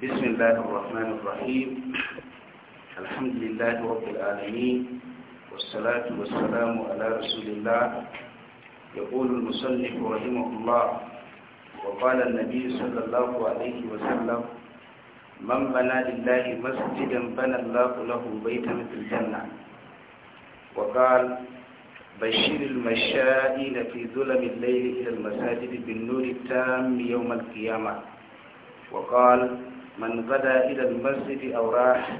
بسم الله الرحمن الرحيم الحمد لله رب العالمين والصلاة والسلام على رسول الله يقول المصنف رحمه الله وقال النبي صلى الله عليه وسلم من بنى لله مسجدا بنى الله له بيتا في الجنة وقال بشر المشائين في ظلم الليل إلى المساجد بالنور التام يوم القيامة وقال من غدا إلى المسجد أو راح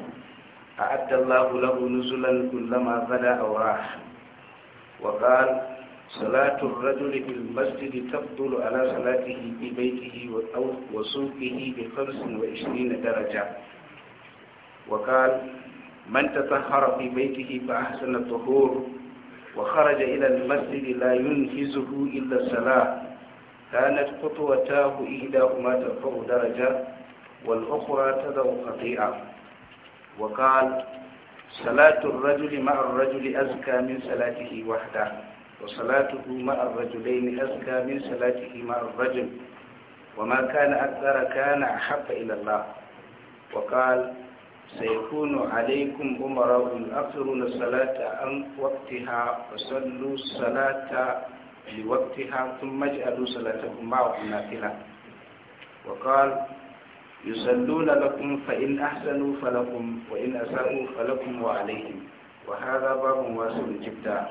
أعد الله له نزلا كلما غدا أو راح وقال صلاة الرجل في المسجد تفضل على صلاته في بيته وسوقه بخمس وعشرين درجة وقال من تطهر في بيته فأحسن الطهور وخرج إلى المسجد لا ينهزه إلا الصلاة كانت خطوتاه إحداهما ترفع درجة والأخرى تدعو خطيئة وقال صلاة الرجل مع الرجل أزكى من صلاته وحده وصلاته مع الرجلين أزكى من صلاته مع الرجل وما كان أكثر كان أحب إلى الله وقال سيكون عليكم أمراء أكثرون الصلاة عن وقتها فصلوا الصلاة لوقتها ثم اجعلوا صلاتكم معه نافلة وقال يصلون لكم فإن أحسنوا فلكم وإن أساءوا فلكم وعليهم وهذا باب واسع جدا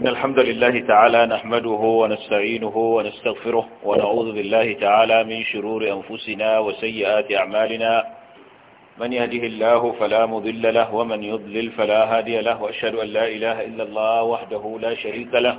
إن الحمد لله تعالى نحمده ونستعينه ونستغفره ونعوذ بالله تعالى من شرور أنفسنا وسيئات أعمالنا من يهده الله فلا مضل له ومن يضلل فلا هادي له وأشهد أن لا إله إلا الله وحده لا شريك له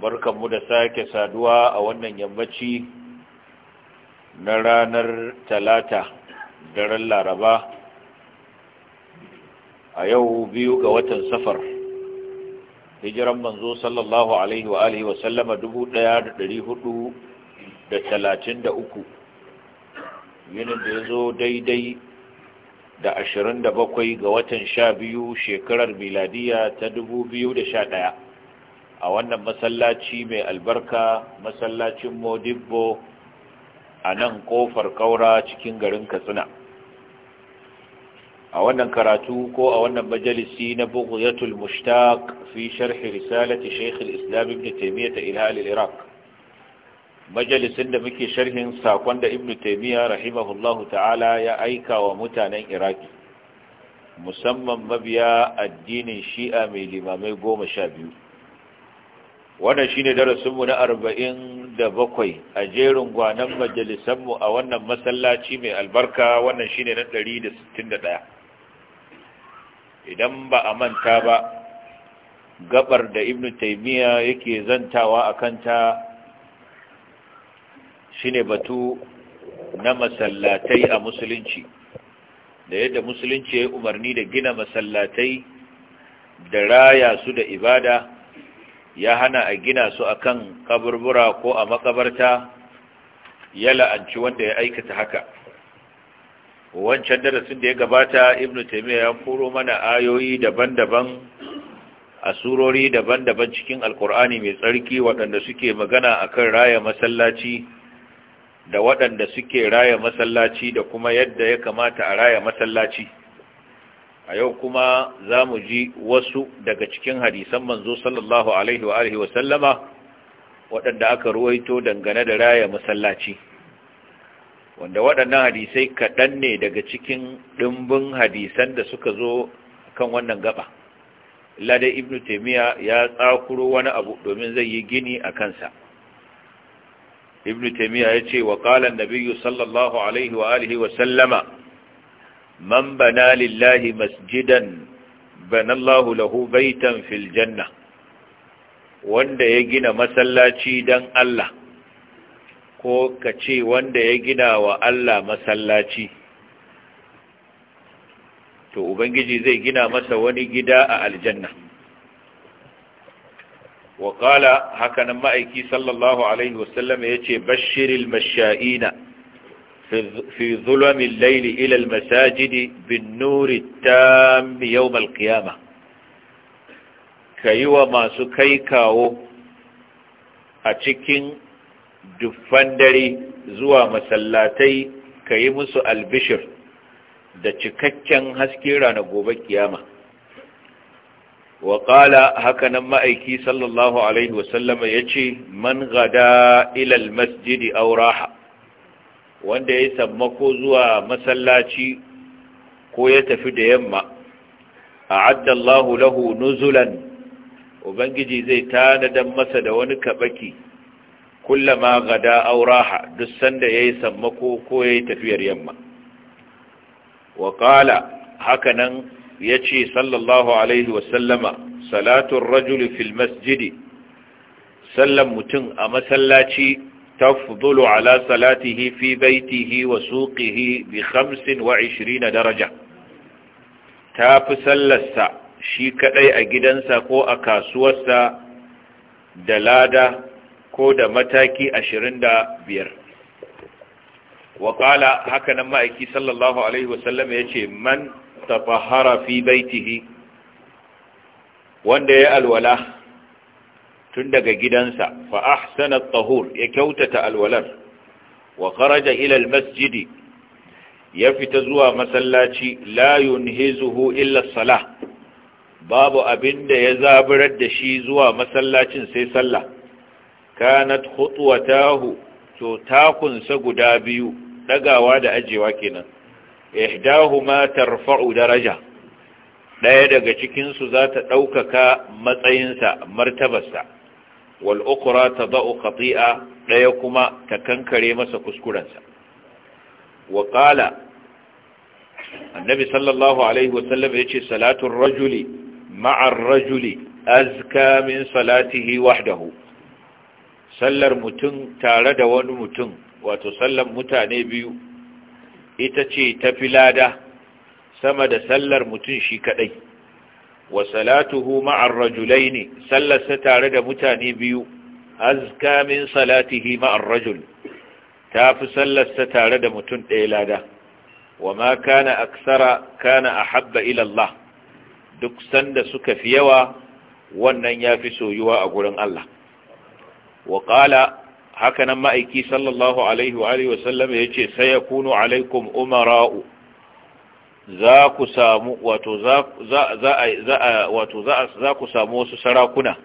barkanmu da sake saduwa a wannan yammaci na ranar talata daren laraba a yau biyu ga watan safar hijiran manzo sallallahu alaihi wa alihi wa sallama dubu ɗaya da dari hudu da talatin da uku yinin da ya zo daidai da ashirin da bakwai ga watan sha biyu shekarar miladiya ta dubu biyu da sha ɗaya a wannan masallaci mai albarka masallacin modibbo a nan kofar kaura cikin garin katsina a wannan karatu ko a wannan majalisi na bughyatul mushtaq fi sharhi risalati shaykh al-islam ibn taymiyyah al-iraq majalisin da muke sharhin sakon da ibn taymiyyah rahimahullahu ta'ala ya aika wa mutanen iraki musamman mabiya addinin shi'a mai limamai goma sha biyu wannan shine mu na arba'in da bakwai a jerin gwanan majalisanmu a wannan masallaci mai albarka wannan shine na ɗari idan ba a manta ba gabar da ibn taimiyya yake zantawa a kanta shine batu na masallatai a musulunci da yadda musulunci ya umarni da gina masallatai da raya su da ibada ya hana a gina su a kan kaburbura ko a makabarta ya la'anci wanda ya aikata haka wancan darasin da ya gabata ibn taimiyya ya koro mana ayoyi daban-daban a surori daban-daban cikin alkur'ani mai tsarki waɗanda suke magana a kan raya masallaci da waɗanda suke raya masallaci da kuma yadda ya kamata a raya masallaci a yau kuma za mu ji wasu daga cikin hadisan manzo sallallahu alaihi wa alihi wasallama waɗanda aka ruwaito dangane da raya masallaci wanda waɗannan hadisai kaɗan ne daga cikin ɗimbin hadisan da suka zo kan wannan gaba lada ibn taimiyya ya tsakuro wani abu domin zai yi gini a kansa ibn taimiyya ya ce wa ƙalan nabiyu sallallahu alaihi wa alihi wasallama man bana lillahi masjidan banallahu lahu baitan fil janna wanda ya gina masallaci dan Allah ko ka ce wanda ya gina wa Allah masallaci to ubangiji zai gina masa wani gida a aljanna wa haka hakanan ma'aiki sallallahu alaihi wasallam yace Bashirin masha'ina في ظلم الليل إلى المساجد بالنور التام يوم القيامة كيوى ما سكيكاو أتكين دفندري زوى مسلاتي كيمس البشر da cikakken haske ranar gobe kiyama wa hakanan ma'aiki sallallahu alaihi wasallama yace man gada ilal masjidi aw wanda ya sammako zuwa masallaci ko ya tafi da yamma a Allahu lahu nuzulan ubangiji zai tanadan masa da wani kabaki kullama gada auraha duk sanda yayi sammako ko yi tafiyar yamma wa kala hakanan ce sallallahu alaihi wa sallama rajuli fil masjidi sallan mutum a masallaci تفضل على صلاته في بيته وسوقه بخمس وعشرين درجة تافسل السا shi kadai a gidansa ko a kasuwarsa da lada ko da mataki ashirin da biyar waƙala hakanan ma'aiki sallallahu alaihi wasallam ya ce man tafahara fi wanda ya alwala tun daga gidansa fa ahsana tahur ya kyautata alwalar wa kharaja ila almasjid ya fita zuwa masallaci la yunhizuhu illa salah babu abinda ya zaburar da shi zuwa masallacin sai sallah kanat khutwatahu to takunsa guda biyu dagawa da ajewa kenan ihdahuma tarfa'u daraja daya daga cikin su za ta daukaka matsayinsa martabarsa Wal'ukura ta tadau khati'a ɗaya kuma ta kankare masa kuskurensa wa annabi sallallahu alaihi wasallam yace salatul rajuli ma'a ar-rajuli azka min salatihi wahdahu sallar mutum tare da wani mutum wato sallar mutane biyu ita ce ta filada sama da sallar mutum shi kadai wa salatuhu ma'ar rajulaini sallarsa tare da mutane biyu azka min salatihi ma'ar rajul ta fi sallarsa tare da mutum ɗaya lada wa ma kana aksara kana ahabba ila Allah duk sanda suka fi yawa wannan ya fi soyuwa a gurin Allah wa hakanan ma'aiki sallallahu alaihi wa ya ce sai ya kunu alaikum umara'u za ku samu wato za a wato za ku samu wasu sarakuna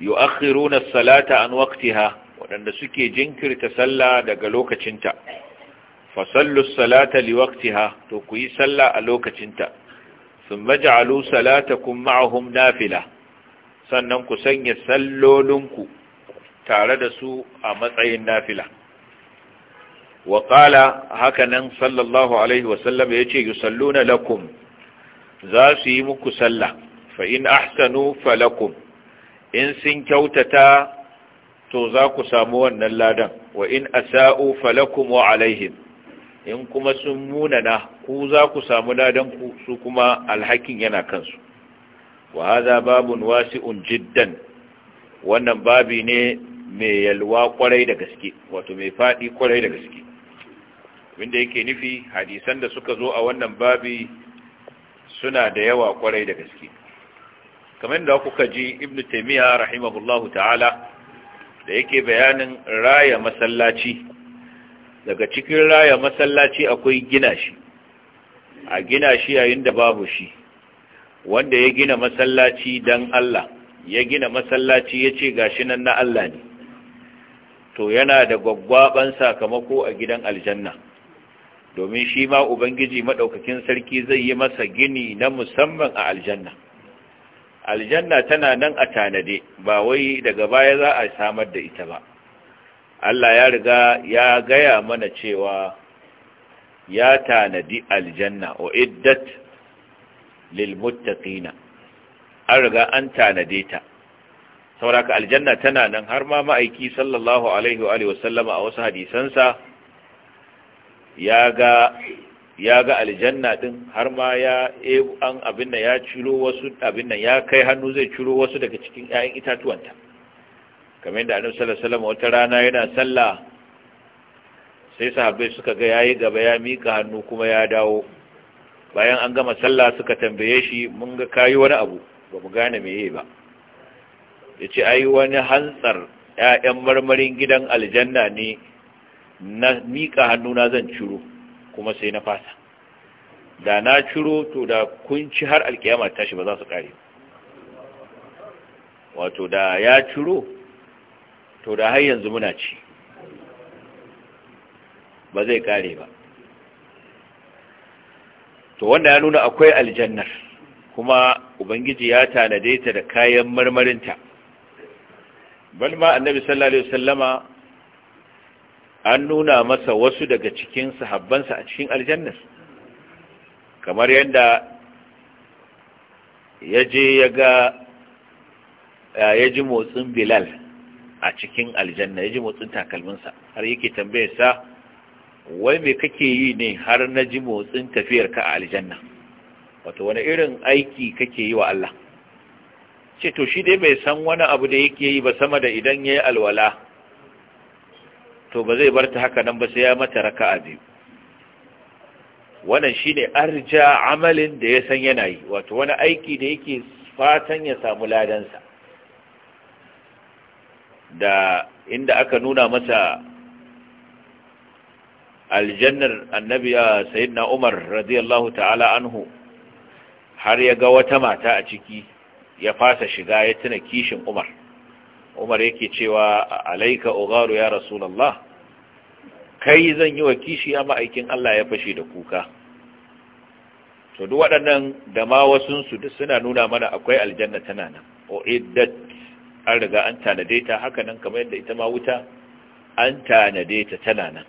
yu'akhiruna as-salata an waqtiha wadanda suke jinkirta sallah daga lokacinta fa sallu as-salata li to ku yi sallah a lokacinta thumma ja'alu salatakum ma'ahum nafila sannan ku sanya sallolinku tare da su a matsayin nafila wa qala hakanan sallallahu alaihi wa sallam yace yusalluna lakum za su yi muku sallah fa in ahsanu falakum in sun kyautata to za ku samu wannan ladan wa in asa'u falakum wa alaihim in kuma sun munana ku za ku samu ladan ku su kuma alhakin yana kansu wa hadha babun wasi'un jiddan wannan babi ne mai yalwa kwarai da gaske wato mai faɗi kwarai da gaske abinda yake nufi hadisan da suka zo a wannan babi suna da yawa kwarai da gaske kamar da kuka ji ibnu taymiya rahimahullahu ta'ala da yake bayanin raya masallaci daga cikin raya masallaci akwai gina shi a gina shi yayin da babu shi wanda ya gina masallaci dan Allah ya gina masallaci ya ce gashi nan na Allah ne to yana da gwaggwaban sakamako a gidan aljanna domin shi ma ubangiji maɗaukakin sarki zai yi masa gini na musamman a aljanna aljanna tana nan a tanade ba wai daga baya za a samar da ita ba Allah ya riga ya gaya mana cewa ya tanadi aljanna o iddat lilmuta an riga an tanade ta sauraka aljanna tana nan har ma ma'aiki sallallahu alaihi wa sallama a wasu hadisansa ya ga aljanna din har ma ya eh, an abin da ya ciro wasu abin da ya kai hannu zai ciro wasu daga cikin 'ya'yan itatuwanta kamar yadda annabi sallallahu alaihi wasallam wata rana yana sallah sai sahabbai suka ga yayi gaba ya mika hannu kuma ya dawo bayan an gama sallah suka tambaye shi mun ga kayi wani abu ba mu gane me yayi ba yace ai wani hantsar 'ya'yan marmarin gidan aljanna ne na miƙa hannuna zan ciro kuma sai na fasa da na ciro to da kunci har alkiyama tashi ba za su kare wato da ya ciro to da har yanzu muna ci ba zai kare ba to wanda ya nuna akwai aljannar kuma ubangiji ya tanade ta da kayan marmarinta balma annabi sallallahu alaihi wasallama an nuna masa wasu daga cikin sahabbansa a cikin aljannas kamar yadda ya je ya ga ya ji motsin bilal a cikin aljanna ya ji motsin takalminsa har yake tambayar sa wai me kake yi ne har na ji motsin tafiyarka a aljanna wato wani irin aiki kake yi wa Allah ce to shi dai bai san wani abu da yake yi ba sama da idan ya yi alwala to ba zai bar ta haka nan ba sai ya mata a biyu wannan shine arja amalin da ya san yana yi wato wani aiki da yake fatan ya samu ladansa da inda aka nuna masa aljannar annabi sayyidina Umar radiyallahu ta'ala anhu har ya ga wata mata a ciki ya fasa shiga ya tuna kishin Umar umar yake cewa alaika ogaru ya rasulullah kai zan yi wa kishi a ma'aikin Allah ya fashe da kuka to duk waɗannan da ma wasunsu duk suna nuna mana akwai aljanna tana nan iddat an riga an tanade ta haka nan kamar yadda ita ma wuta an tanade ta tana nan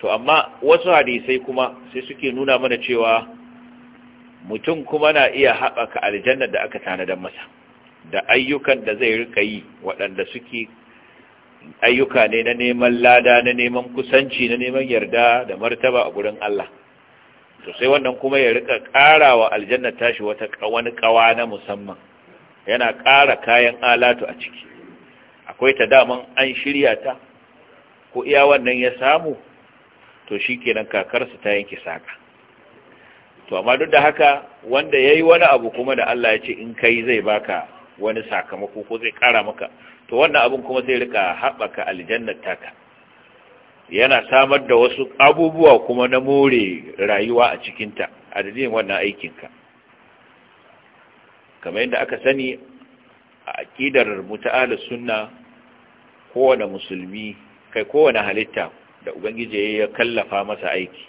to amma wasu hadisai kuma sai suke nuna mana cewa mutum kuma na iya haɓaka aljannar da aka tanadan masa da ayyukan da zai rika yi waɗanda suke ayyuka ne na neman lada na neman kusanci na neman yarda da martaba a gurin Allah to sai wannan kuma ya rika wa aljanna tashi wata wani kawa na musamman yana kara kayan alatu a ciki akwai ta daman an shirya ta ko iya wannan ya samu to shikenan kakarsa ta yanke saka to amma duk da haka wanda yayi wani abu kuma da Allah ya ce in kai zai baka wani sakamako ko zai kara maka to wannan abin kuma zai rika haɓaka aljannar taka yana samar da wasu abubuwa kuma na more rayuwa a cikinta a dalilin wannan aikinka kamar yadda aka sani a aƙidar muta'ala suna kowane musulmi kai kowane halitta da ubangiji ya kallafa masa aiki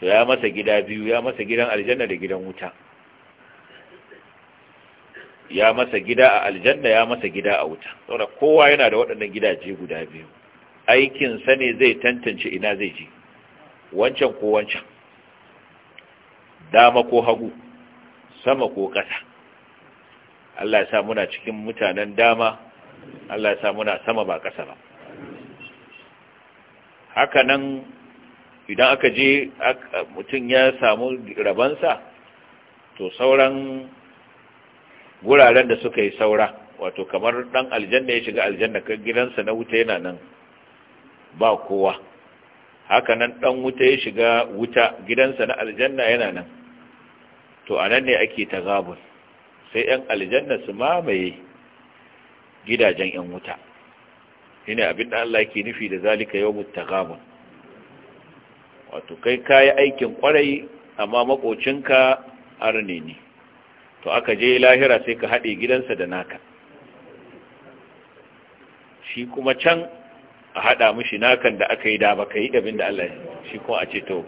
to ya masa gida biyu ya masa gidan aljanna da gidan wuta ya masa gida a aljanna ya masa gida a wuta saboda kowa yana da waɗannan gidaje guda biyu aikin sa ne zai tantance ina zai je wancan ko wancan dama ko hagu sama ko ƙasa Allah ya sa muna cikin mutanen dama Allah ya sa muna sama ba ƙasa ba haka nan idan aka je mutum ya samu rabansa to sauran Wuraren da suka yi saura wato kamar dan aljanna ya shiga aljanna kan gidansa na wuta yana nan ba kowa haka nan dan wuta ya shiga wuta gidansa na aljanna yana nan to anan ne ake tagabun sai yan aljanna su mamaye gidajen yan wuta shine abin da Allah yake nufi da zalika yawmut tagabun wato kai kayi aikin kwarai amma makocinka arne ne to aka je lahira sai ka haɗe gidansa da naka shi kuma can a haɗa mushi nakan da aka yi da baka yi abin da Allah shi kuma a ce to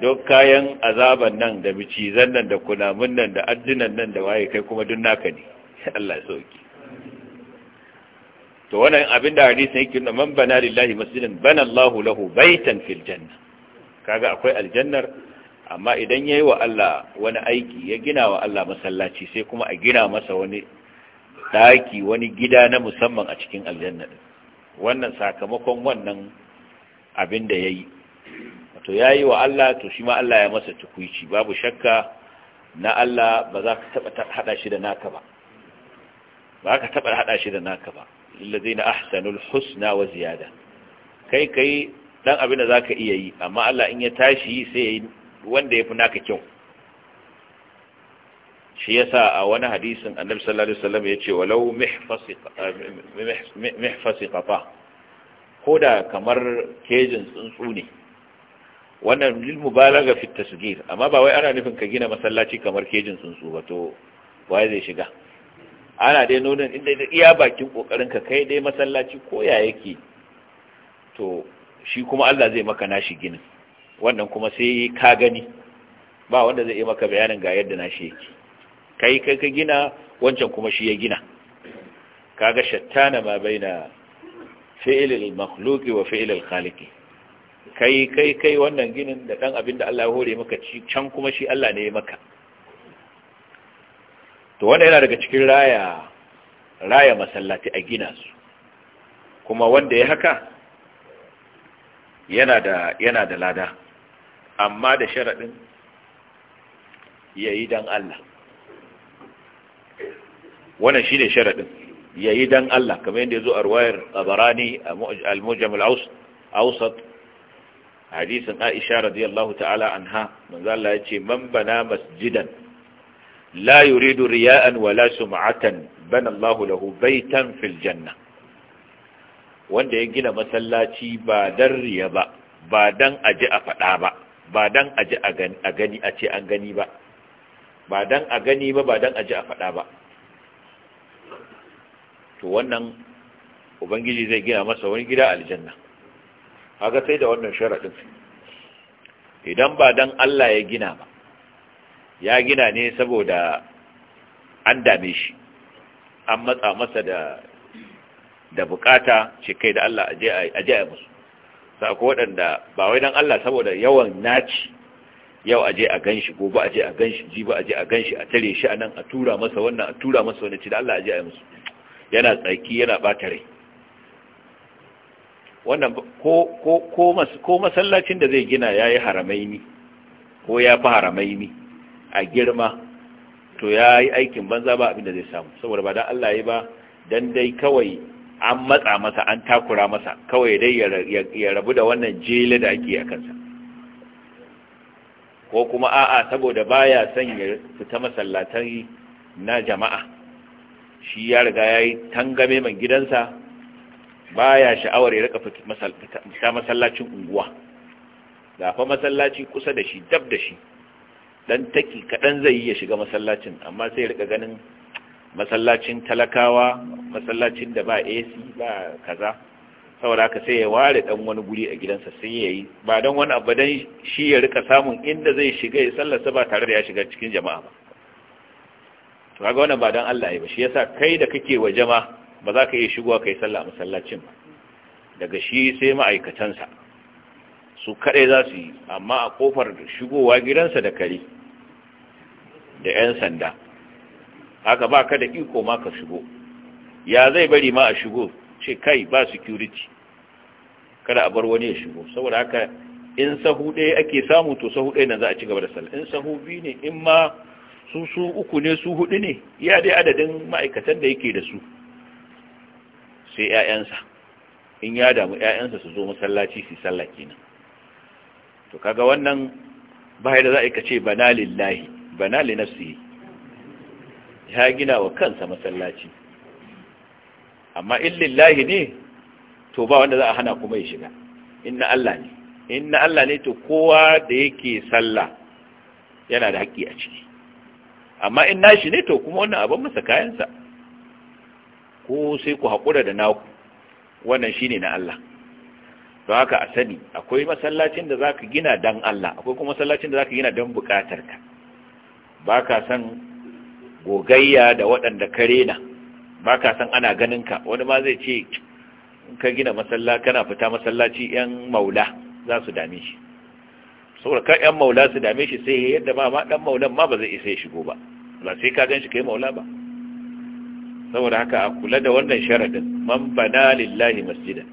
duk kayan azaban nan da micizan nan da kunamun nan da addinan nan da waye kai kuma duk naka ne Allah sauki to wannan abin da hadisin yake nuna man bana lillahi masjidan bana Allahu lahu baitan fil janna kaga akwai aljannar amma idan ya yi wa Allah wani aiki ya gina wa Allah masallaci sai kuma a gina masa wani ɗaki wani gida na musamman a cikin aljanna wannan sakamakon wannan abin da ya yi to ya yi wa Allah to shi ma Allah ya masa tukuici babu shakka na Allah ba za ka taɓa haɗa shi da naka ba ba ka taɓa haɗa shi da naka ba lillazi na ahsanul husna wa ziyada kai kai dan abin da za ka iya yi amma Allah in ya tashi sai ya yi wanda ya fi naka kyau shi ya sa a wani hadisin annabi sallallahu alaihi wasallam yace walau mihfasi ko da kamar kejin tsuntsu ne wannan mubalaga fi tasghir amma ba wai ana nufin ka gina masallaci kamar kejin tsuntsu ba to waye zai shiga ana dai nunin inda iya bakin kokarin ka kai dai masallaci ko ya yake to shi kuma Allah zai maka nashi ginin wannan kuma sai ka gani ba wanda zai yi maka bayanin ga yadda na shi yake kai kai ka gina wancan kuma shi ya gina kaga shattana ma baina fi'lil makhluqi wa fi'lil khaliqi kai kai kai wannan ginin da dan abin da Allah ya hore maka can kuma shi Allah ne ya maka to wanda yana daga cikin raya raya masallati a gina su kuma wanda ya haka yana da yana da lada amma da sharaɗin ya yi don Allah wannan shi ne sharaɗin yayi don Allah kamar yadda ya zo a ruwayar tsabarani al-mujam al-ausat hadisin aisha radiyallahu ta'ala anha manzo Allah ya ce man bana masjidan la yuridu riya'an wala sum'atan bana Allahu lahu baitan fil janna wanda ya gina masallaci ba dan riya ba ba dan aji a faɗa ba ba dan a ji a gani a ce an gani ba ba dan a gani ba ba dan a ji a faɗa ba to wannan ubangiji zai gina masa wani gida aljanna haka sai da wannan sharaɗin idan ba dan Allah ya gina ba ya gina ne saboda an dame shi an matsa masa da da bukata ce kai da Allah aje a musu ko waɗanda ba wai don Allah saboda yawan naci yau aje a ganshi gobe aje a ganshi ba aje a ganshi a tare shi anan a tura masa wannan a tura masa wannan ci da Allah aje a yi musu yana tsaki yana bata rai wannan ko ko ko mas ko masallacin da zai gina yayi haramaini ko ya fi haramaini a girma to yayi aikin banza ba abin da zai samu saboda ba dan Allah yayi ba dan dai kawai an matsa masa an takura masa kawai dai ya rabu da wannan jela da ake a kansa ko kuma a'a saboda baya son ya fita masallatai na jama'a shi ya riga ya yi tangame man gidansa baya sha'awar ya rika fita masallacin unguwa da fa masallaci kusa da shi dab da shi dan taki kadan zai yi ya shiga masallacin amma sai ya rika ganin masallacin talakawa masallacin da ba AC ba kaza saboda haka sai ya ware dan wani guri a gidansa sai ya yi. ba dan wani abu dan shi ya rika samun inda zai shiga ya sallarsa ba tare da ya shiga cikin jama'a ba to kaga wannan ba dan Allah ya ba shi yasa kai da kake wa jama'a ba za ka iya shigowa kai sallah a masallacin ba daga shi sai ma'aikatansa su kaɗai za su yi amma a kofar shigowa gidansa da kare da 'yan sanda haka ba ka da iko ma ka shigo ya zai bari ma a shigo ce kai ba security kada a bar wani ya shigo saboda haka in sahu ɗaya ake samu to sahu ɗaya nan za a ci gaba da sallah in sahu biyu ne in ma su su uku ne su hudu ne ya dai adadin ma'aikatan da yake da su sai 'ya'yansa in ya damu 'ya'yansa su zo masallaci su sallah kenan to kaga wannan ba da za a yi ce bana lillahi bana nafsihi ya gina wa kansa masallaci amma lahi ne to ba wanda za a hana kuma ya shiga inna Allah ne inna Allah ne to kowa da yake sallah yana da haƙƙi a ciki amma in nashi ne to kuma wannan abin masa kayansa ko sai ku haƙura da naku wannan shine na Allah don haka a sani akwai masallacin da zaka gina dan Allah akwai kuma masallacin da zaka gina dan bukatarka baka san gogayya da waɗanda ka rena ba ka san ana ganin ka wani ma zai ce ka gina masalla kana fita masallaci yan maula za su dame shi saboda ka yan maula su dame shi sai yadda ba ma ɗan maulan ma ba zai isa ya shigo ba ba sai ka gan shi yi maula ba saboda haka a kula da wannan sharadin man bana lillahi masjidan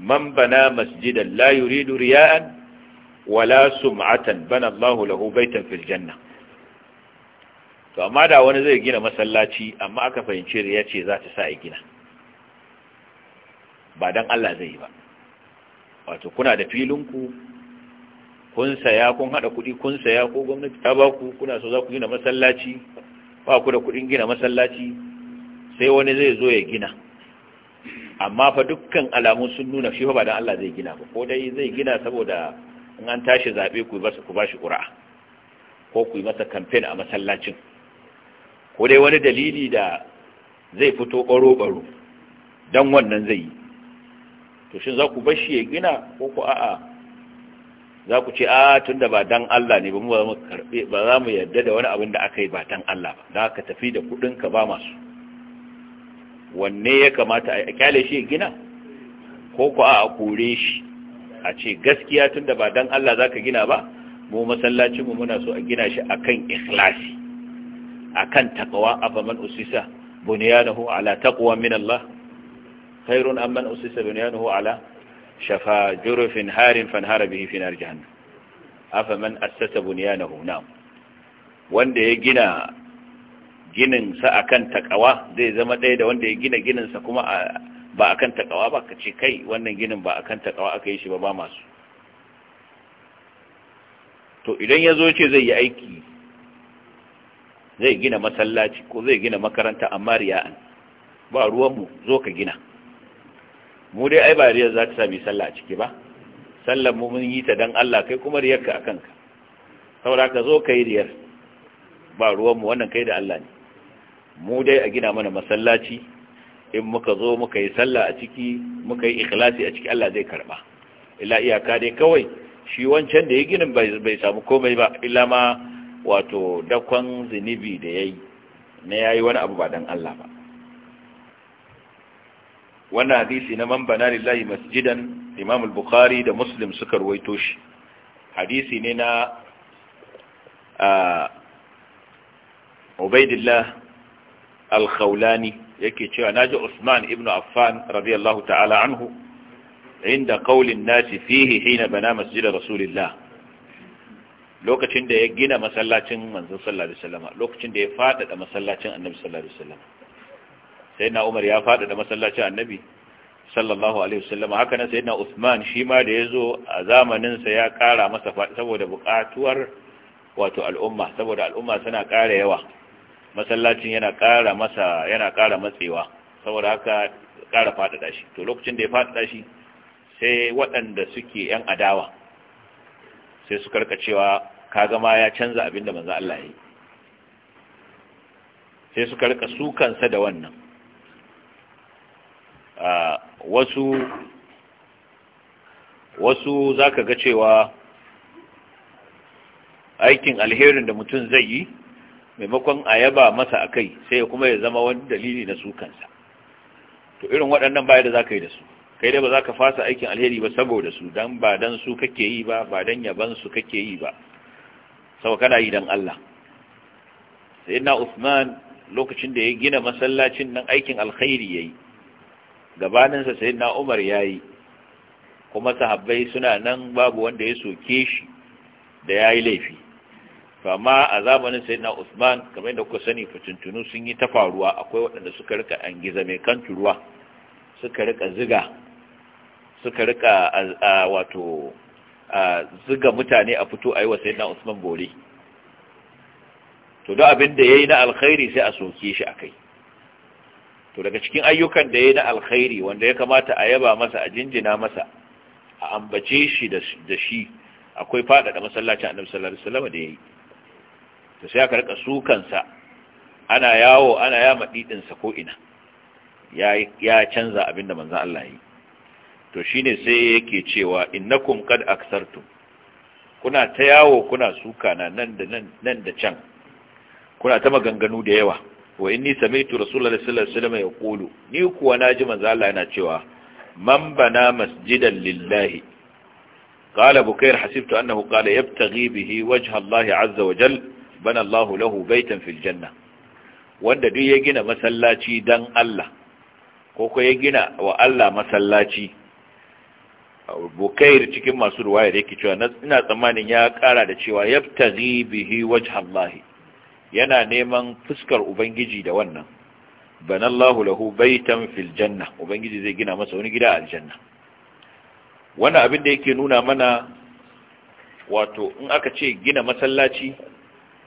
man bana masjidan la yuridu riya'an wala sum'atan bana Allahu lahu baitan fil janna to amma da wani zai gina masallaci amma aka fahimci ya ce za ta sa ya gina ba don Allah zai yi ba wato kuna da filinku kun saya kun hada kudi kun saya ko gwamnati ta ba ku kuna so za ku gina masallaci ba ku da kuɗin gina masallaci sai wani zai zo ya gina amma fa dukkan alamu sun nuna shi ba dan Allah zai gina ba ko dai zai gina saboda in an tashi zaɓe ku ba su ku bashi ko ku yi masa kamfen a masallacin ko dai wani dalili da zai fito baro-baro don wannan zai yi to shi za ku bashi ya gina ko ku a'a za ku ce a tun da ba dan Allah ne ba za mu yarda da wani abin da aka yi ba dan Allah ba da ka tafi da ka ba masu wanne ya kamata a kyale shi ya gina ko ku a kore shi a ce gaskiya tun da ba dan Allah za ka gina ba mu masallacin mu muna so a gina shi akan ikhlasi akan taqwa afaman usisa bunyanahu ala min Allah khairun amman usisa ala shafa harin fanhara bihi fi nar jahannam assasa wanda ya gina ginin sa akan taqwa zai zama ɗaya da wanda ya gina ginin sa kuma ba akan taqwa ba ce kai wannan ginin ba akan taqwa aka yi shi ba ba masu to idan ya zo ce zai yi aiki zai gina masallaci ko zai gina makaranta amma riya'an ba ruwanmu zo ka gina mu dai ai ba riyar za ta sami sallah a ciki ba sallar mu mun yi ta dan Allah kai kuma riyar ka akan ka saboda ka zo kai riyar ba ruwanmu wannan kai da Allah ne mu dai a gina mana masallaci in muka zo muka yi sallah a ciki muka yi ikhlasi a ciki Allah zai karba illa iyaka dai kawai shi wancan da ya ginin bai samu komai ba illa ma wato dakon zunubi da yayi na yi wani abu ba dan Allah ba wannan hadisi na man bana lillahi masjidan Imam al-Bukhari da Muslim suka ruwaito shi hadisi ne na Ubaidillah al-Khawlani yake cewa naji Usman ibn Affan radiyallahu ta'ala anhu inda qaulin nasi fihi hina bana masjid Rasulillah lokacin da ya gina masallacin manzon sallallahu alaihi wasallam lokacin da ya fadada masallacin annabi sallallahu alaihi wasallam sayyidina Umar ya fadada masallacin annabi sallallahu alaihi wasallam haka nan sayyidina Usman shi ma da yazo a zamanin sa ya kara masa saboda buƙatuwar wato al'umma saboda al'umma suna ƙara yawa masallacin yana kara masa yana kara matsewa saboda haka kara fadada shi to lokacin da ya fadada shi sai waɗanda suke yan adawa sai su karka cewa kaga ma ya canza abin da manzo Allah ya yi sai suka rika sukansa da wannan wasu wasu zaka ga cewa aikin alherin da mutum zai yi maimakon ayaba masa a kai sai kuma ya zama wani dalili na sa. to irin waɗannan baya da za ka yi da su kai dai ba za ka fasa aikin alheri ba saboda su don ba dan su kake yi ba ba don yaban su kake yi ba sau kana yi don Allah sai na Usman lokacin da ya gina masallacin nan aikin alkhairi ya yi gabaninsa sai na Umar ya yi kuma sahabbai suna nan babu wanda ya soke shi da ya yi laifi amma a zamanin sai na Usman kamar da kuka sani fitintunu sun yi ta faruwa akwai waɗanda suka rika an giza mai kan turuwa suka rika ziga suka rika wato zuga mutane a fito a yi wa sayyidina Usman bore to da abin da yayi na alkhairi sai a soke shi kai. to daga cikin ayyukan da yayi na alkhairi wanda ya kamata a yaba masa a jinjina masa a ambace shi da shi akwai fadada masallacin Annabi sallallahu alaihi wasallam da yayi to sai aka rika sukansa ana yawo ana yama didin sa ko ina ya canza abinda da manzon Allah yi to shine sai yake cewa innakum qad aksartu kuna ta yawo kuna suka na nan da can kuna ta maganganu da yawa wa inni sami'tu rasulullahi sallallahu alaihi wasallam yaqulu ni kuwa naji manzo Allah yana cewa man bana masjidan lillahi قال بكير حسبت أنه قال bihi, به Allah الله عز وجل bana الله lahu بيتا في الجنة wanda duk ya gina masallaci dan Allah ko ko ya gina wa Allah masallaci bukair cikin masu ruwaya da yake cewa ina tsammanin ya kara da cewa yabtazi bihi wajhallahi yana neman fuskar ubangiji da wannan banallahu lahu baitan fil janna ubangiji zai gina masa wani gida a aljanna wannan abin da yake nuna mana wato in aka ce gina masallaci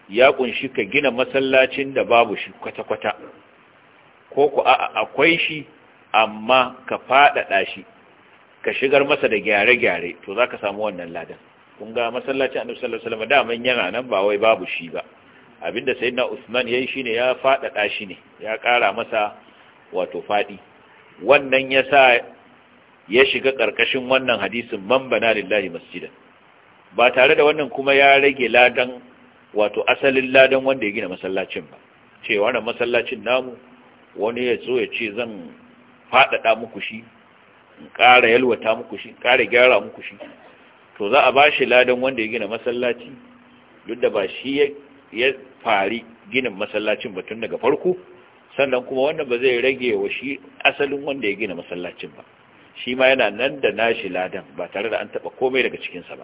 ya kunshi ka gina masallacin da babu shi kwata-kwata ko ku akwai shi amma ka faɗaɗa shi ka shigar masa da gyare-gyare to za ka samu wannan ladan kun ga masallacin annabi sallallahu alaihi wasallam daman yana nan ba wai babu shi ba abinda sayyidina Usman yayi shine ya faɗaɗa shi ne ya ƙara masa wato faɗi wannan yasa ya shiga karkashin wannan hadisin mambana bana lillahi masjidan ba tare da wannan kuma ya rage ladan wato asalin ladan wanda ya gina masallacin ba ce wannan masallacin namu wani ya zo ya ce zan faɗaɗa muku shi ƙara yalwata muku shi ƙara gyara muku shi to za a ba shi ladan wanda ya gina masallaci duk da ba shi ya fari ginin masallacin ba tun daga farko sannan kuma wannan ba zai rage wa shi asalin wanda ya gina masallacin ba shi ma yana nan da nashi ladan ba tare da an taɓa komai daga cikinsa ba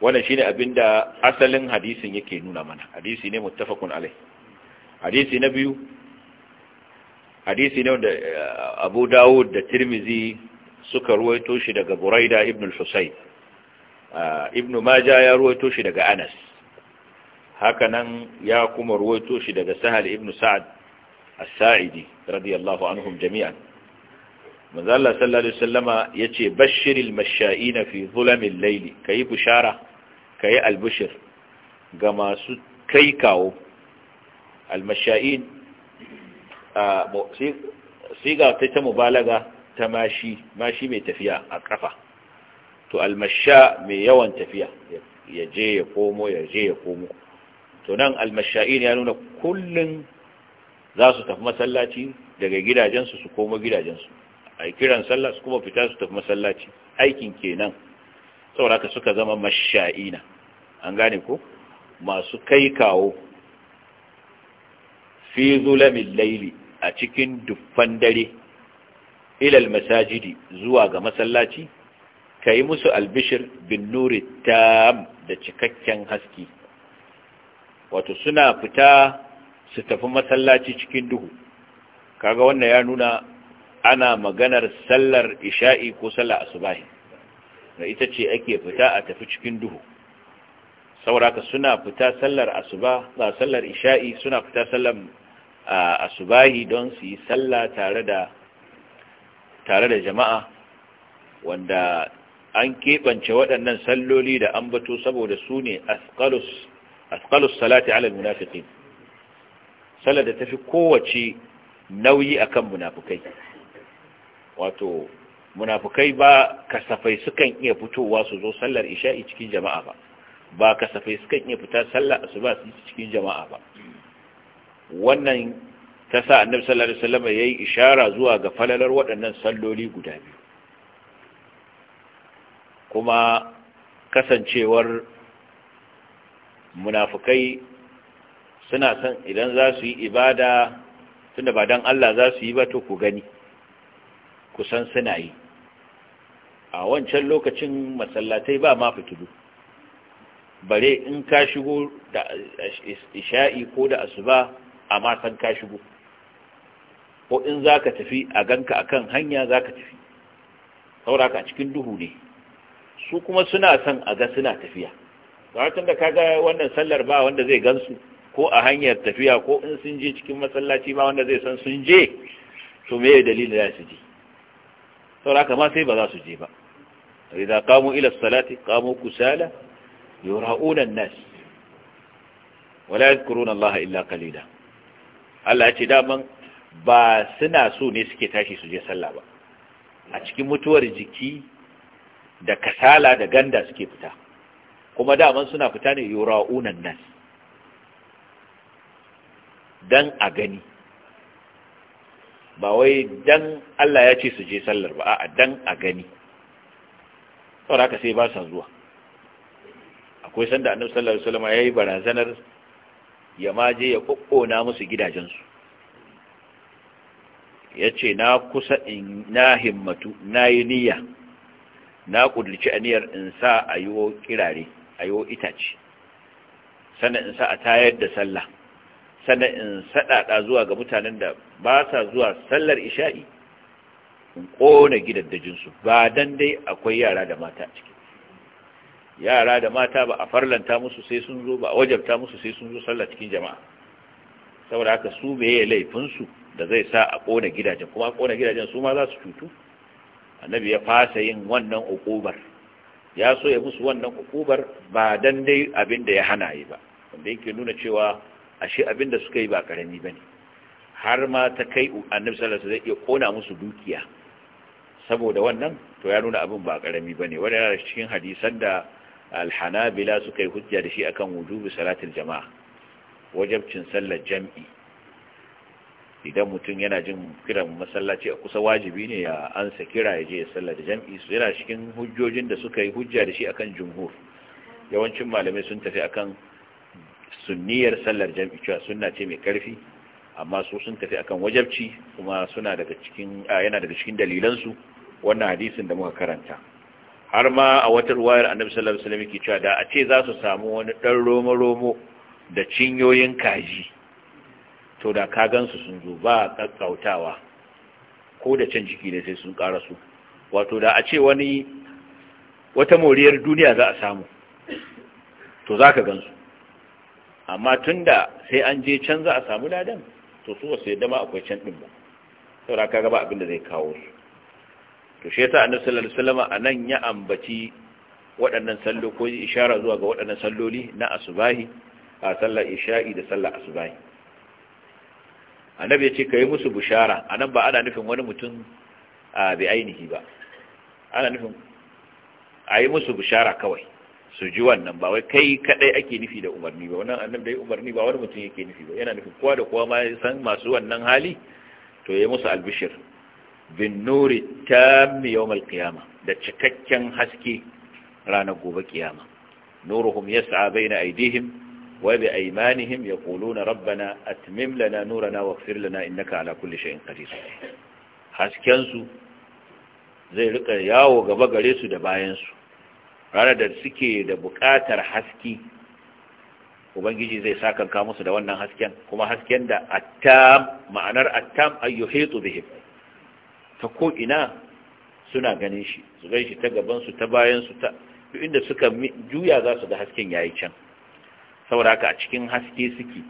wannan shine abin da asalin hadisin yake nuna mana hadisi ne muttafaqun alai hadisi na biyu hadisi ne wanda uh, abu dawud da tirmizi suka ruwaito shi daga buraida ibn al-husayn uh, ibn majah ya ruwaito shi daga anas hakanan ya kuma ruwaito shi daga sahal ibn sa'ad as-sa'idi radiyallahu anhum jami'an manzo sallallahu alaihi wasallama yace bashiril masha'ina fi zulamil layli kai bushara kai albishir ga masu kai kawo almasha'in siga ta ta mubalaga ta mashi mashi mai tafiya a kafa to almasha mai yawan tafiya ya je ya komo ya je ya komo to nan almasha'in ya nuna kullun za su tafi masallaci daga gidajensu su komo gidajensu a kiran sallah su kuma fita su tafi masallaci aikin kenan saboda ka suka zama masha'ina an gane ko masu kai kawo fi zulamin laili a cikin duffan dare ilal masajidi zuwa ga masallaci ka yi musu albishir bin nuri tam da cikakken haske wato suna fita su tafi masallaci cikin duhu kaga wannan ya nuna ana maganar sallar isha'i ko sallar asubahi da ita ce ake fita a tafi cikin duhu sauraka suna fita sallar asuba ba sallar isha'i suna fita sallar a subahi don su yi sallah tare da jama'a wanda an keɓance waɗannan salloli da an bato saboda su ne askalus salati ala munafiki sallar da tafi kowace nauyi akan munafukai wato munafukai ba kasafai sukan iya fitowa su zo sallar isha'i cikin jama'a ba ba kasafai sukan iya fita sallar asuba su cikin jama'a ba wannan ta sa annabi sallallahu alaihi wasallam yayi ishara zuwa ga falalar waɗannan salloli guda biyu kuma kasancewar munafukai suna son idan za su yi ibada tunda ba don Allah za su yi ba to ku gani kusan suna yi a wancan lokacin masallatai ba ma fitilu bare in ka shigo da isha'i ko da asuba amma san ka shigo ko in za ka tafi a ganka akan hanya za ka tafi saboda ka cikin duhu ne su kuma suna son a ga suna tafiya tun da kaga wannan sallar ba wanda zai gansu ko a hanyar tafiya ko in sun je cikin masallaci ba wanda zai san sun je to me dalilin da su je saboda ka ma sai ba za su je ba idan qamu ila salati qamu kusala yura'una an-nas wala yadhkuruna allaha illa qalilan Allah ya ce daman ba suna so ne suke tashi su je sallah ba a cikin mutuwar jiki da kasala da ganda suke fita kuma daman suna fita ne yura'unan nas dan a gani ba wai dan Allah ya ce su je sallar ba a'a dan a gani saboda haka sai ba san zuwa akwai sanda annabi sallallahu alaihi wasallam yayi barazanar ya maje ya kokkona musu gidajensu ya ce na kusa in na himmatu na yi niyya na kudurci aniyar in sa a yiwo kirare a yiwo itace sannan in sa a tayar da sallah sannan in saɗaɗa zuwa ga mutanen da ba sa zuwa sallar isha'i in ƙona gidajensu, ba dan dai akwai yara da mata ciki yara da mata ba a farlanta musu sai sun zo ba a wajabta musu sai sun zo sallah cikin jama'a saboda haka su meye laifinsu da zai sa a ƙona gidajen kuma a ƙona gidajen su ma za su cutu annabi ya fasa yin wannan hukubar ya so ya musu wannan hukubar ba dan dai abin ya hana yi ba wanda yake nuna cewa ashe abin suka yi ba karami bane har ma ta kai annabi sallallahu alaihi wasallam zai iya kona musu dukiya saboda wannan to ya nuna abin ba karami bane wanda yana cikin hadisan da alhanabila suka yi hujja da shi akan wujubi salatul jama'a wajabcin sallar jam'i idan mutum yana jin kiran masallaci a kusa wajibi ne ya ansa kira ya je sallar jam'i su yana cikin hujjojin da suka yi hujja da shi akan jumhur yawancin malamai sun tafi akan sunniyar sallar jam'i cewa sunna ce mai karfi amma su sun tafi akan wajabci kuma suna daga cikin yana daga cikin dalilan su wannan hadisin da muka karanta har ma a wata ruwayar annabi sallallahu alaihi wasallam yake cewa da a ce za su samu wani dan romo romo da cinyoyin kaji to da ka gansu sun zo ba kakkautawa ko da can jiki ne sai sun ƙara su wato da a ce wani wata moriyar duniya za a samu to za ka gansu amma tun da sai an je can za a samu ladan to su wasu yadda ma akwai can ɗin ba da ka gaba abinda zai kawo su to shi yasa annabi sallallahu alaihi wasallam anan ya ambaci waɗannan sallo ko ishara zuwa ga waɗannan salloli na asubahi a sallar isha'i da sallar asubahi annabi ya ce kai musu bushara anan ba ana nufin wani mutum a bi ainihi ba ana nufin a yi musu bushara kawai su ji wannan ba wai kai kadai ake nufi da umarni ba wannan annabi dai umarni ba wani mutum yake nufi ba yana nufin kowa da kowa ma ya san masu wannan hali to ya musu albishir bin nuri ta yawmal qiyama da cikakken haske ranar gobe kiyama nuruhum yas'a baina aidihim wa bi aymanihim na rabbana atmim lana nurana waghfir lana naka ala kulli shay'in qadir hasken su zai rika yawo gaba gare su da bayan su ranar da suke da bukatar haske ubangiji zai sakanka musu da wannan hasken kuma hasken da attam ma'anar attam ayyuhitu bihim ta ko ina suna ganin shi su gan shi ta gaban su ta bayan su ta inda suka juya za su da hasken yayi can saboda haka a cikin haske suke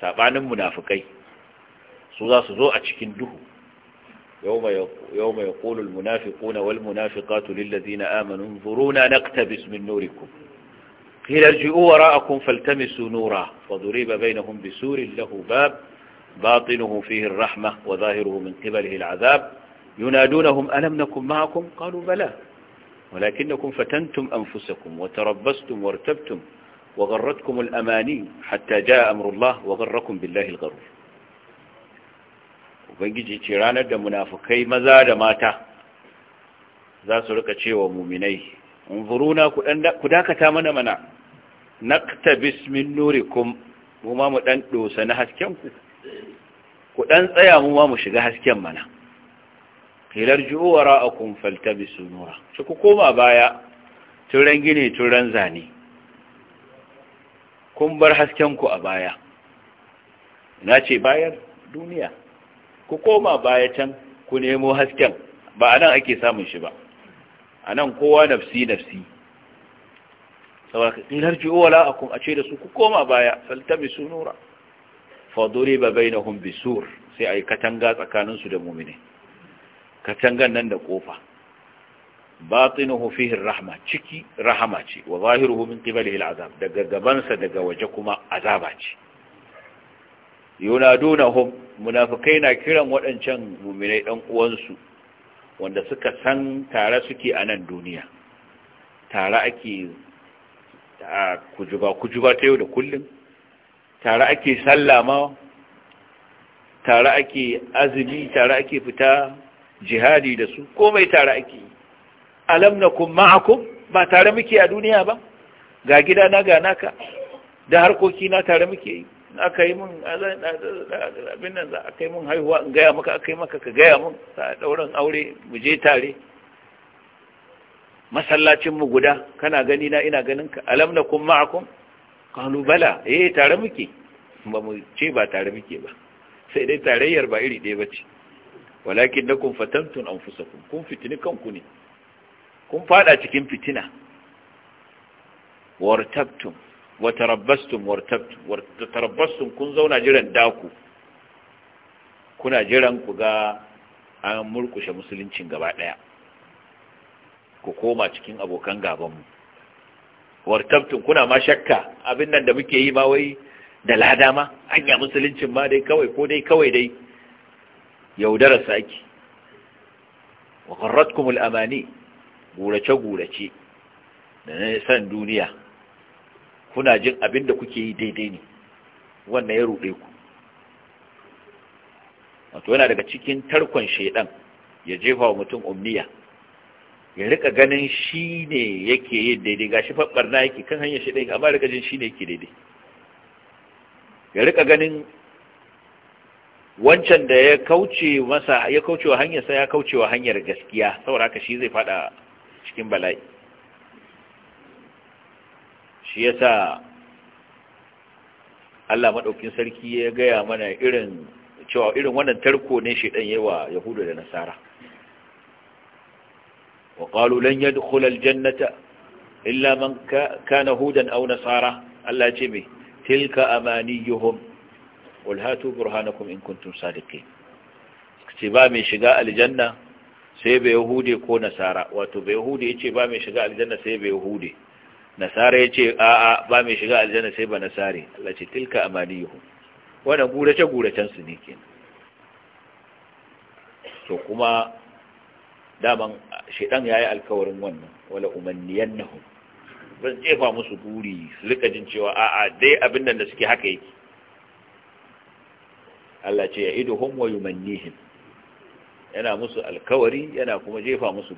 sabanin munafikai su za su zo a cikin duhu يوم يقول المنافقون والمنافقات للذين آمنوا انظرونا نقتبس من نوركم قيل ارجعوا وراءكم فالتمسوا نورا فضرب بينهم بسور له باب باطنه فيه الرحمة وظاهره من قبله العذاب ينادونهم ألم نكن معكم قالوا بلى ولكنكم فتنتم أنفسكم وتربستم وارتبتم وغرتكم الأماني حتى جاء أمر الله وغركم بالله الغرور وبنجي تيرانا دا منافقي munafukai maza da mata za su rika cewa muminai unzuruna ku dakata mana mana naqtabis min ku ɗan tsaya mu ma mu shiga hasken mana hilar wa ra'akun faltabi sunura shi ku koma baya turan gini turan zane kun bar hasken ku a baya na ce bayar duniya ku koma baya can ku nemo hasken ba a nan ake samun shi ba a nan kowa nafsi nafsi saboda hilar ju'uwa ra'akun a ce da su ku koma baya faltabi sunura na bainahum sur sai yi katanga tsakaninsu da mu'mini katangan nan da kofa batinuhu fihi rahma ciki rahama ce wa zahiruhu min qibalihi al'azab daga gabansa daga waje kuma azaba ce yunadunahum munafikai na kiran waɗancan mu'minai ɗan uwansu wanda suka san tare suke a nan duniya tare ake kujuba kujuba ta yau da kullum tare ake sallama tare ake azumi tare ake fita jihadi da su komai tare ake alam kun ma'akum ba tare muke a duniya ba ga gida na ga naka da harkoki na tare muke yi aka yi mun abin nan za a kai mun haihuwa in gaya maka aka yi maka ka gaya mun sa ɗauran aure mu je tare Masallacinmu guda kana gani na ina ganin ka alam kun ma'akum kanu bala eh tare muke ba mu ce ba tare muke ba sai dai tarayyar ba iri ɗaya ba ce. walakin na tun an fusa kun fitini kanku ne kun fada cikin fitina Wartabtun, wa tarabbastum wartabtun, wa tarabbastum kun zauna jiran daku kuna jiran ku ga an murkushe musuluncin gaba ɗaya? ku koma cikin abokan gabanmu wartabtun kuna ma shakka abin nan da muke yi ma wai da lada ma anya musuluncin ma dai kawai ko dai kawai dai yaudarar saki wa gharratkumul amani gurace gurace da na san duniya kuna jin abin da kuke yi daidai ne wannan ya ruɗe ku wato yana daga cikin tarkon shaidan ya jefa wa mutum umniya ya rika ganin shi ne yake yin daidai ga shi faɓar na yake kan hanyar shi amma rika jin shi ne yake daidai ya rika ganin wancan da ya kauce masa ya kauce wa sa ya kauce wa hanyar gaskiya saboda haka shi zai faɗa cikin bala'i shi yasa Allah maɗaukin sarki ya gaya mana irin cewa irin wannan tarko ne shi ɗan yawa Yahudu da Nasara وقالوا لن يدخل الجنة إلا من كان هودا أو نصارى الله جمي تلك أمانيهم قل هاتوا برهانكم إن كنتم صادقين اكتبامي شقاء الجنة سيب يهودي كو نصارى واتو بيهودي يتي بامي شقاء الجنة سيب يهودي نصارى يتي آآ بامي شقاء الجنة سيب نصاري الله تلك أمانيهم وانا قولة قولة تنسنيكين to kuma daman shaidan ya yi alkawarin wannan wala umanniyan na zan jefa musu guri su rika jin cewa a'a dai abin nan da suke haka yake Allah ce ya ido hun wa yana musu alkawari yana kuma jefa musu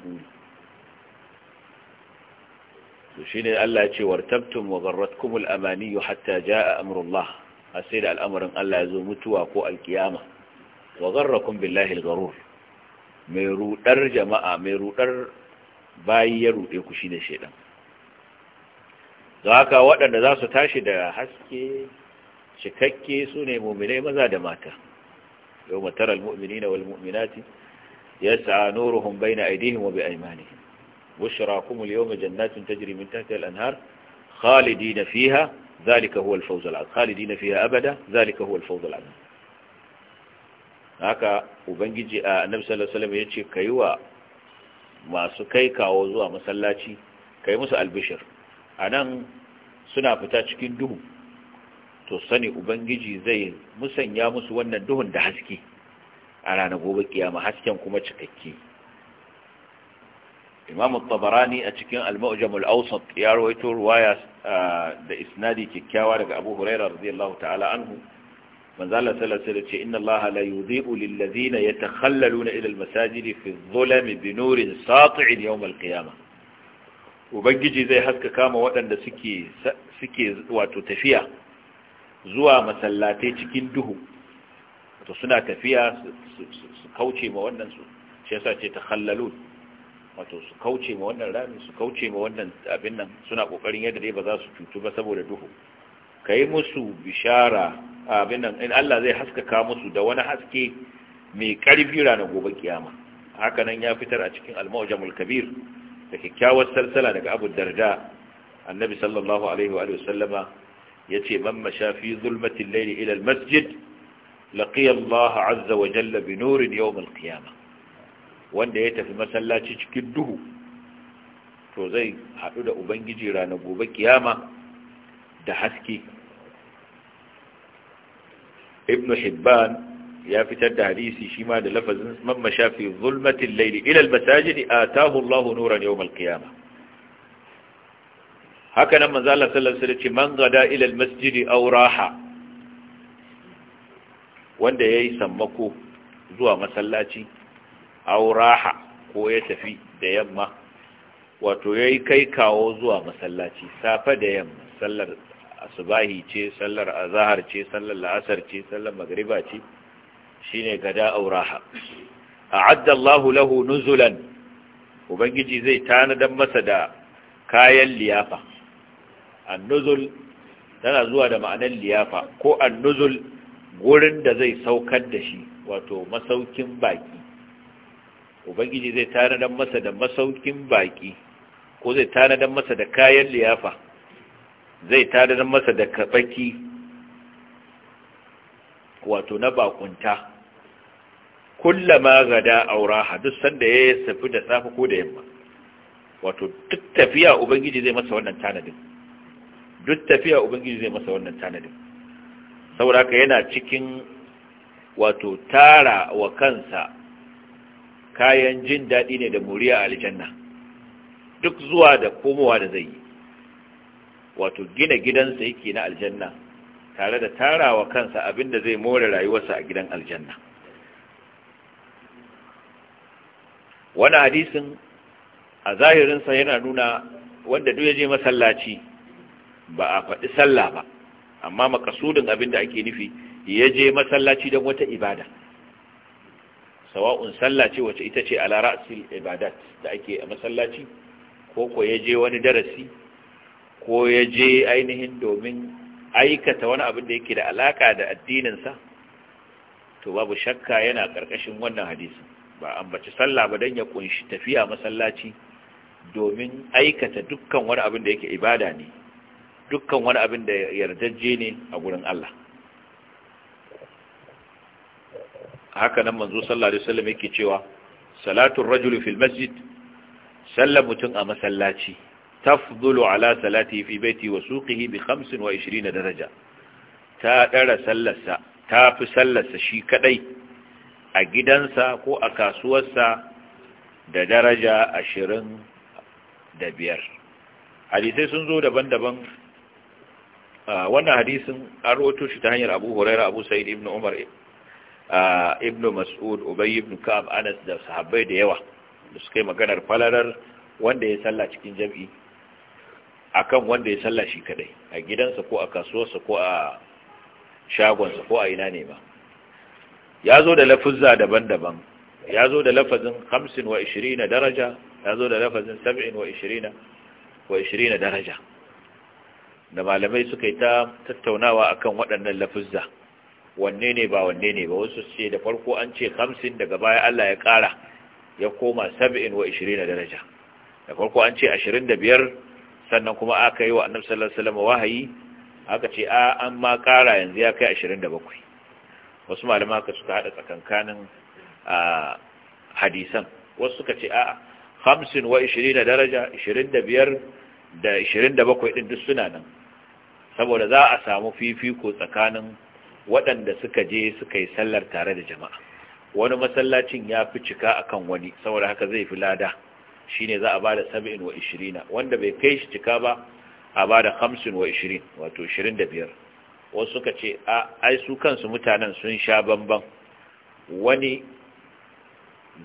Su shi ne Allah ce wartabtum wa gharratkum al-amani hatta jaa amrullah asira al'amarin Allah ya zo mutuwa ko alkiyama wa gharrakum billahi al mai rudar jama'a mai rudar bayi ya rude ku shine shedan don wadanda za su tashi da haske cikakke sune ne muminai maza da mata yau mataral mu'minina wal mu'minati yas'a nuruhum bayna aydihim wa bi aymanihim bushra al yawma jannatin tajri min tahtiha al anhar khalidina fiha zalika huwa alfawz al'azim khalidi na fiha abada zalika huwa alfawz al'azim haka ubangiji a annabi sallallahu alaihi wasallam yace kai wa masu kai kawo zuwa masallaci kai musu albishir anan suna fita cikin duhu to sani ubangiji zai musanya musu wannan duhun da haske a ranar gobe kiyama hasken kuma cikakke imamu tabarani a cikin al-mu'jam al-awsat ya rawaito ruwaya da isnadi kikkiawa daga Abu Hurairah radiyallahu ta'ala anhu manzo Allah sallallahu alaihi wasallam inna Allah la yudhi'u lil ladina yatakhallaluna ila al masajid fi dhulami bi nurin sati'in yawm al qiyamah ubangiji zai haska kama waɗanda suke suke wato tafiya zuwa masallatai cikin duhu to suna tafiya su kauce ma wannan su shi yasa ce takhallalun wato su kauce ma wannan rami su kauce ma wannan abin nan suna kokarin yadda dai ba za su cutu ba saboda duhu kai musu bishara abin nan in Allah zai haskaka musu da wani haske mai ƙarfi ranar gobe kiyama haka nan ya fitar a cikin al kabir da kyakkyawar salsala daga Abu Darda annabi sallallahu alaihi wa sallama yace man masha fi zulmatil ila masjid laqiya Allah azza wa jalla bi nurin qiyama wanda ya tafi masallaci cikin duhu to zai haɗu da ubangiji ranar gobe kiyama da haske ibn hibban ya fitar da hadisi shi ma da lafazin man masha fi zulmatil layli ila al masajid atahu Allahu nuran yawm al qiyamah haka nan manzo Allah sallallahu ce man gada ilal masjidi masjid raha wanda yayi sammako zuwa masallaci aw raha ko ya tafi da yamma wato yayi kai kawo zuwa masallaci safe da yamma asubahi ce sallar azahar ce sallar la'asar ce sallar magriba ce shine gada auraha a'adda Allahu lahu nuzulan ubangiji zai tanadan masa da kayan liyafa annuzul tana zuwa da ma'anar liyafa ko annuzul gurin da zai saukar da shi wato masaukin baki ubangiji zai tanadan masa da masaukin baki ko zai tanadan masa da kayan liyafa zai tarar masa da kabaki wato na bakunta kullama gada auraha duk sanda ya safi da safi ko da yamma wato duk tafiya ubangiji zai masa wannan tanadin duk tafiya ubangiji zai masa wannan tanadin saboda yana cikin wato tara wa kansa kayan jin daɗi ne da muriya a aljanna duk zuwa da komowa da zai yi wato gina gidansa yake na aljanna tare da tarawa kansa abinda zai more rayuwarsa a gidan aljanna wani hadisin a zahirinsa yana nuna wanda duk ya je masallaci ba a faɗi sallah ba amma makasudin abinda ake nufi yaje je masallaci don wata ibada sawa'un sallaci wacce ita ce ala ra'sil ibadat da ake a masallaci ko ko ya je wani darasi ko ya je ainihin domin aikata wani abin da yake da alaka da addininsa to babu shakka yana ƙarƙashin wannan hadisi ba ambaci sallah ba don ya kunshi tafiya masallaci domin aikata dukkan wani abin da yake ibada ne dukkan wani abin da yardajje ne a gurin Allah haka nan manzo sallallahu alaihi wasallam yake cewa salatul rajuli fil masjid sallar mutum a masallaci tafdulu ala salati fi baiti wa suqihi bi 25 daraja ta dara sallarsa ta fi sallarsa shi kaɗai a gidansa ko a kasuwarsa da daraja 25 hadisai sun zo daban-daban wannan hadisin an rawato shi ta hanyar Abu Hurairah Abu Sa'id ibn Umar ibn Mas'ud Ubay ibn Ka'ab Anas da sahabbai da yawa da suka maganar falalar wanda ya salla cikin jam'i akan wanda ya sallah shi kadai a gidansa ko a kasuwarsa ko a shagonsa ko a ina ne ba ya zo da lafuzza daban-daban ya zo da lafazin 25 daraja ya zo da lafazin 27 wa 20 daraja da malamai suka yi ta tattaunawa akan waɗannan lafuzza wanne ne ba wanne ne ba wasu ce da farko an ce 50 daga baya Allah ya ƙara ya koma 27 daraja da farko an ce 25 sannan kuma aka yi wa annabi sallallahu alaihi wasallam wahayi aka ce a an ma ƙara yanzu ya kai 27 wasu malama aka suka hada tsakankanin hadisan wasu suka ce a 25 daraja 25 da 27 din duk suna nan saboda za a samu fifiko tsakanin waɗanda suka je suka yi sallar tare da jama'a wani masallacin ya fi cika akan wani saboda haka zai fi lada shine za a bada 27 wanda bai kai shi cika ba a bada 25 wato 25 wasu suka ce a ai su kansu mutanen sun sha bamban wani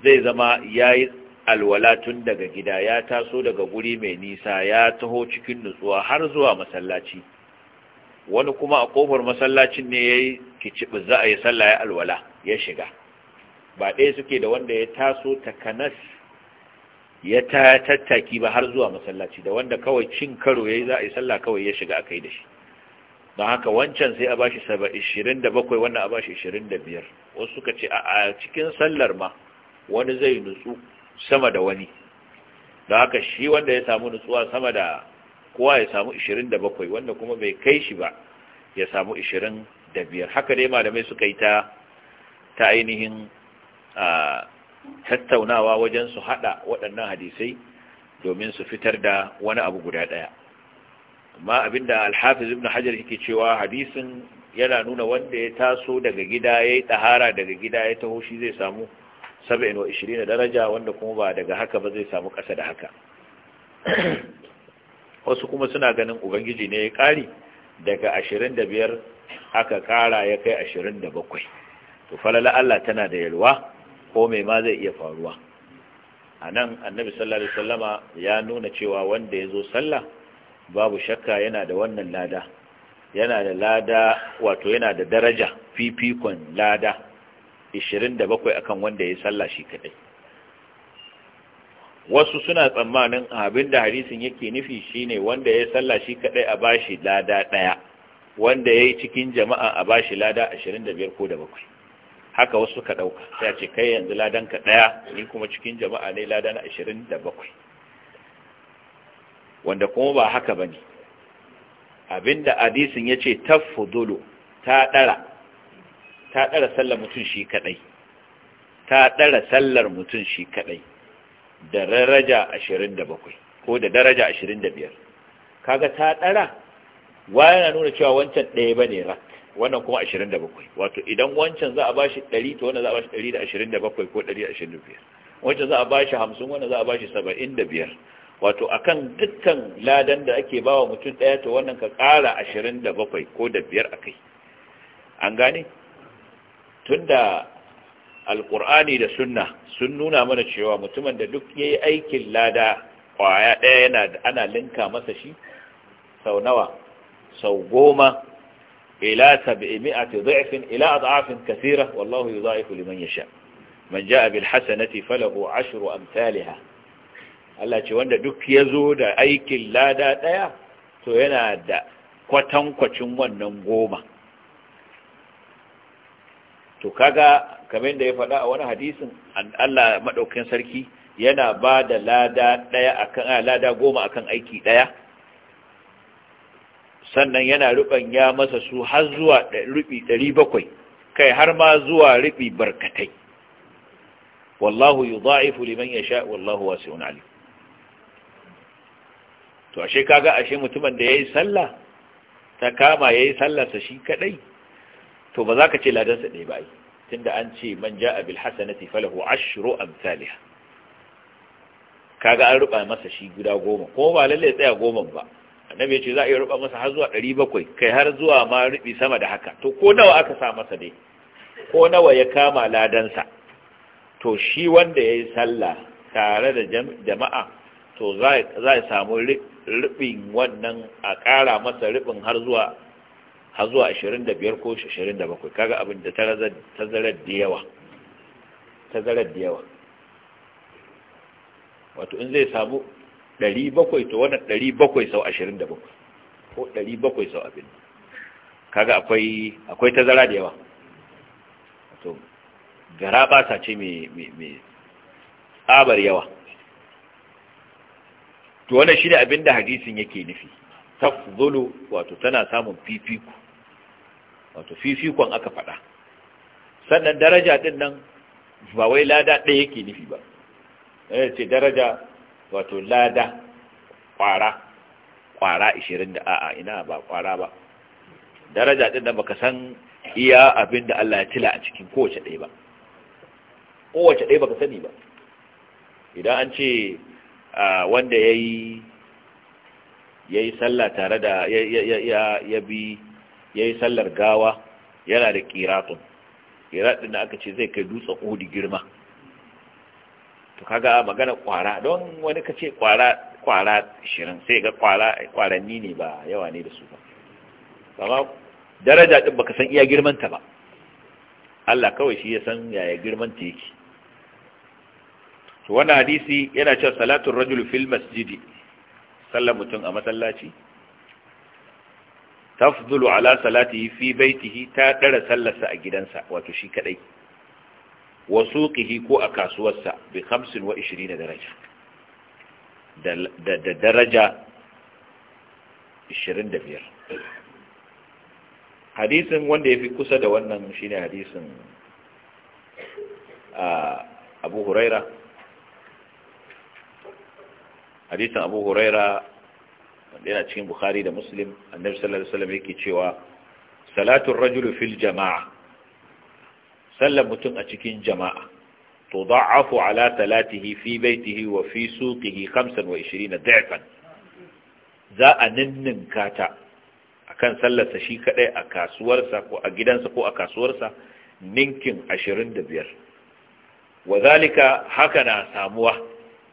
zai zama yayi alwala tun daga gida ya taso daga guri mai nisa ya taho cikin nutsuwa har zuwa masallaci wani kuma a kofar masallacin ne yayi kicibi za a yi sallah ya alwala ya shiga ba ɗaya suke da wanda ya taso takanas ya ta tattaki ba har zuwa masallaci da wanda kawai cin karo yi za a yi sallah kawai ya shiga akai da shi don haka wancan sai a ba da 27 wannan a ba da 25 wasu suka ce a cikin sallar ma wani zai nutsu sama da wani don haka shi wanda ya samu nutsuwa sama da kowa ya samu 27 wanda kuma bai kai shi ba ya samu 25 haka dai malamai suka yi ta ta ainihin ah, tattaunawa wajen su hada waɗannan hadisai domin su fitar da wani abu guda ɗaya amma abinda alhafiz ibn hajar yake cewa hadisin yana nuna wanda ya taso daga gida ya yi ɗahara daga gida ya taho shi zai samu 27 daraja wanda kuma ba daga haka ba zai samu ƙasa da haka wasu kuma suna ganin ubangiji ne ya ƙari daga 25 aka ƙara ya kai 27 to falala Allah tana da yalwa ko mai ma zai iya faruwa a nan annabi sallallahu alaihi wasallama ya nuna cewa wanda ya zo sallah babu shakka yana da wannan lada yana da lada wato yana da daraja fifikon lada 27 akan wanda ya sallah shi kadai wasu suna tsammanin abinda hadisin yake nufi shine wanda ya sallah shi kadai a bashi lada daya wanda ya yi cikin jama'a a bashi lada 25 ko da bakwai haka wasu suka ɗauka sai a ce kai yanzu ladan ka ɗaya ni kuma cikin jama'a ne ladan ashirin da bakwai wanda kuma ba haka ba ne abinda hadisin ya ce ta fudulu ta ɗara sallar mutum shi kaɗai ta ɗara sallar mutum shi kaɗai da daraja ashirin da bakwai ko da daraja ashirin da biyar kaga ta ɗara Wa nuna cewa wancan ɗaya ba ne ra. wannan kuma 27 wato idan wancan za a bashi 100 to wannan za a bashi 127 ko 125 wancan za a bashi 50 wannan za a bashi 75 wato akan dukkan ladan da ake ba wa mutum daya to wannan ka kara 27 ko da biyar akai an gane tunda alqur'ani da sunna sun nuna mana cewa mutumin da duk yayi aikin lada kwaya daya yana ana linka masa shi sau nawa sau goma ila 700 dha'fin ila ad'afin kathira wallahu yudha'ifu liman yasha man ja'a bil hasanati falahu ashru amsalha Allah ce wanda duk yazo da aikin lada ɗaya, to yana da kwatankwacin wannan goma to kaga kamar da ya faɗa a wani hadisin Allah madaukakin sarki yana ba da lada lada goma akan aiki ɗaya sannan yana ya masa su har zuwa rubi 700 kai har ma zuwa rubi barkatai wallahu yudha'ifu liman yasha wallahu wasi'un alim to ashe kaga ashe mutumin da yayi sallah ta kama yayi sallah sa shi kadai to ba za ka ce ladan ba dai ba tunda an ce man jaa bil hasanati falahu ashru amsalha kaga an ruɓa masa shi guda goma ko ba lalle tsaya goma ba annabi ya ce za a iya ruba masa har zuwa 700 kai har zuwa ma rubi sama da haka to ko nawa aka sa masa dai ko nawa ya kama ladansa to shi wanda ya yi sallah tare da jama'a to za a samu rubin wannan a ƙara masa rubin har zuwa har zuwa 25 ko 27 kaga abin da ta zarar tazarar da yawa wato in zai samu ɗari bakwai to wannan ɗari bakwai sau ashirin da bakwai ko ɗari bakwai sau abin kaga akwai akwai tazara da yawa to gara ba sa ce mai tsabar yawa to wannan shi ne abin da hadisin yake nufi tafzulu wato tana samun fifiku wato fifikon aka faɗa sannan daraja ɗin nan ba wai lada ɗaya yake nufi ba eh, ce daraja wato lada kwara kwara 20 da a'a ina ba kwara ba daraja din da baka san iya abin da Allah ya tila a cikin kowace ɗaya ba kowace ɗaya baka sani ba idan an ce wanda ya yi ya yi sallah tare da ya bi ya yi sallar gawa yana da kiratun kiratun da aka ce zai kai dutsen odi girma to kaga magana kwara don wani ka ce kwara kwara 20 sai ga kwara kwaranni ne ba yawa ne da su ba amma daraja din baka san iya girmanta ba Allah kawai shi ya san yaya girmanta ta yake to wannan hadisi yana cewa salatun rajul fil masjidi sallar mutum a masallaci tafdulu ala salatihi fi baitihi ta dara sallarsa a gidansa wato shi kadai wa suqihi ko a kasuwarsa bi 25 daraja da daraja 25 hadisin wanda yafi kusa da wannan shine hadisin Abu Huraira hadisin Abu Huraira wanda yana cikin Bukhari da Muslim annabi sallallahu alaihi wasallam yake cewa salatu ar-rajulu fil jama'a sallar mutum a cikin jama'a to da'afu ala talatihi fi baitihi wa fi suqihi 25 da'fan za a ninninka ta akan sallarsa shi kadai a kasuwarsa ko a gidansa ko a kasuwarsa ninkin wa wazalika haka na samuwa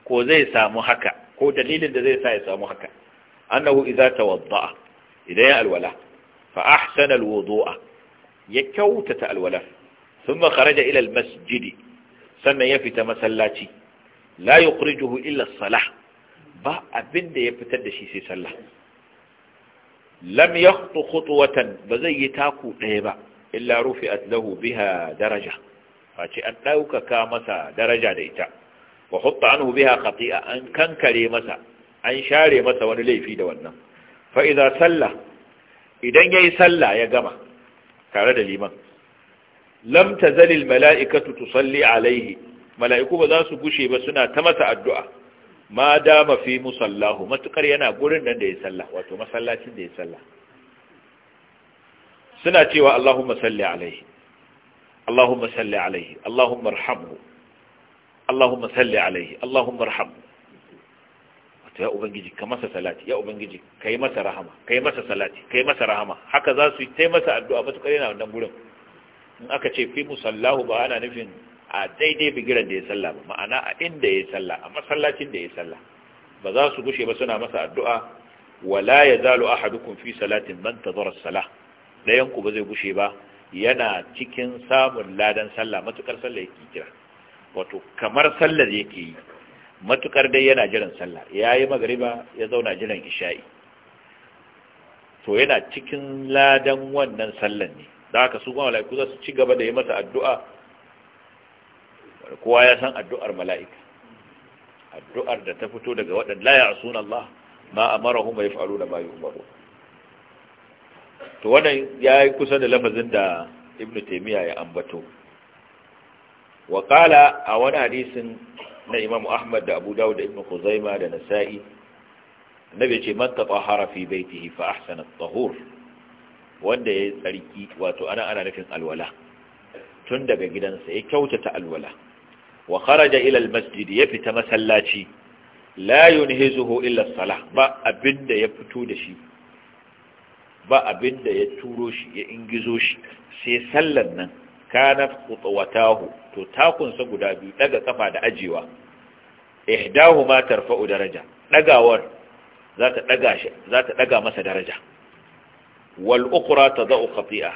ko zai samu haka ko dalilin da zai sa ya samu haka annahu idza tawadda'a idan ya alwala fa ahsana alwudu'a ya kyautata alwalar thumma kharaja ilal masjidi, masjid sannan ya fita masallaci la yukhrijuhu illa as-salah ba abin ya fitar da shi sai sallah lam yakhtu watan, ba zai yi taku ɗaya ba illa rufe lahu biha daraja face an ɗaukaka masa daraja da ita wa hutta anhu biha khati'a an kankare masa an share masa wani laifi da wannan fa idza salla idan yayi sallah ya gama tare da liman lam tazalil mala'ikatu tusalli alaihi mala'iku ba za su gushe ba suna ta masa addu'a ma dama fi musallahu matukar yana gurin nan da ya sallah wato masallacin da ya sallah suna cewa Allahumma salli alaihi Allahumma salli alaihi Allahumma arhamhu Allahumma salli alaihi Allahumma arhamhu wato ya ubangiji ka masa salati ya ubangiji kai masa rahama kai masa salati kai masa rahama haka za su yi ta masa addu'a matukar yana wannan gurin in aka ce fi musallahu ba ana nufin a daidai bigiran da ya salla ba ma'ana a inda ya salla a masallacin da ya salla ba za su gushe ba suna masa addu'a wala ya zalo ahadukum fi salatin man tazara salah dayan ku ba zai gushe ba yana cikin samun ladan sallah matukar sallah yake kira wato kamar sallar yake yi matukar dai yana jiran sallah ya yi ya zauna jiran isha'i to yana cikin ladan wannan sallar ne da haka su mala'iku za su ci gaba da yi mata addu'a kowa ya san addu'ar mala'ika addu'ar da ta fito daga waɗanda la a sunan Allah ma amarahu mai faru da mayu. umaru to wannan ya yi kusa da lafazin da ibn taimiyya ya ambato wakala a wani hadisin na Imam ahmad da abu dawud da ibn kuzaima da nasa'i nabi ce man taɓa harafi baitihi fa ahsana tahur wanda ya yi tsarki wato ana ana nufin alwala tun daga gidansa ya kyautata alwala wa kharaja ila almasjid ya fita masallaci la yunhizuhu illa salah ba abinda ya fito da shi ba abinda ya turo shi ya ingizo shi sai sallan nan kana qutwatahu to takunsa guda biyu daga kafa da ajewa ma tarfa'u daraja dagawar za ta daga shi za ta daga masa daraja wal ta tadau khati'a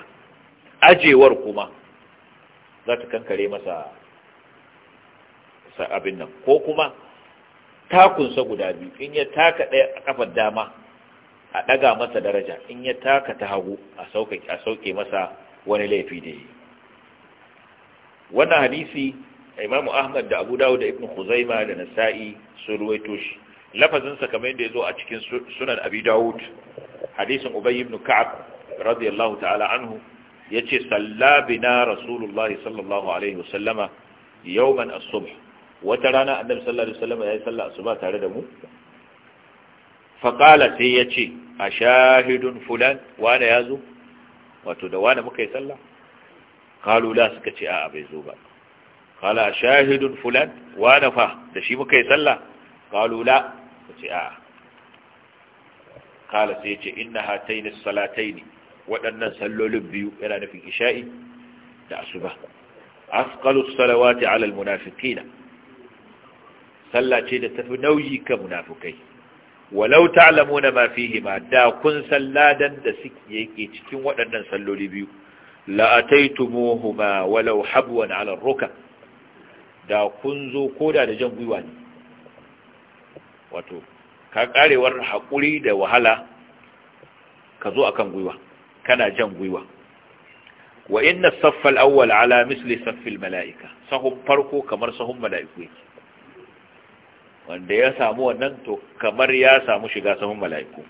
ajewar kuma za ta kankare masa abin nan ko kuma takunsa guda biyu in ya taka ɗaya a kafar dama a ɗaga masa daraja in ya taka ta hagu a sauƙe masa wani laifi da yi wannan hadisi imamu ahmad da abu dawud da ibn khuzaima da nasa'i sun ruwaito shi lafazinsa kamar yadda ya zo a cikin sunan abi dawud hadisin ubay ibn ka'ab radiyallahu ta'ala anhu yace salla bina rasulullahi sallallahu alaihi wasallama yawman as-subh wata rana annabi sallallahu alaihi wasallama yayi sallah asuba tare da mu fa qala sai yace ashahidun fulan wala yazo wato da wani muka yi sallah qalu la suka ce a'a bai zo ba qala ashahidun fulan wala fa da shi muka yi sallah قالوا لا ce a kala sai ce inna hataini salataini waɗannan sallolin biyu yana nufin isha'i da asuba asqalu salawati ala almunafiqina sallace da tafi nauyi ka munafikai walau ta'lamuna ma fihi ma da kun salladan da suke yake cikin waɗannan salloli biyu la ataitumuhuma walau habwan ala ruka da kun zo koda da jan gwiwa ne wato ka karewar haƙuri da wahala ka zo akan gwiwa kana jan gwiwa wa inna saffal awwal ala misli saffil mala'ika sahun farko kamar sahun mala'iku yake wanda ya samu wannan to kamar ya samu shiga sahun mala'iku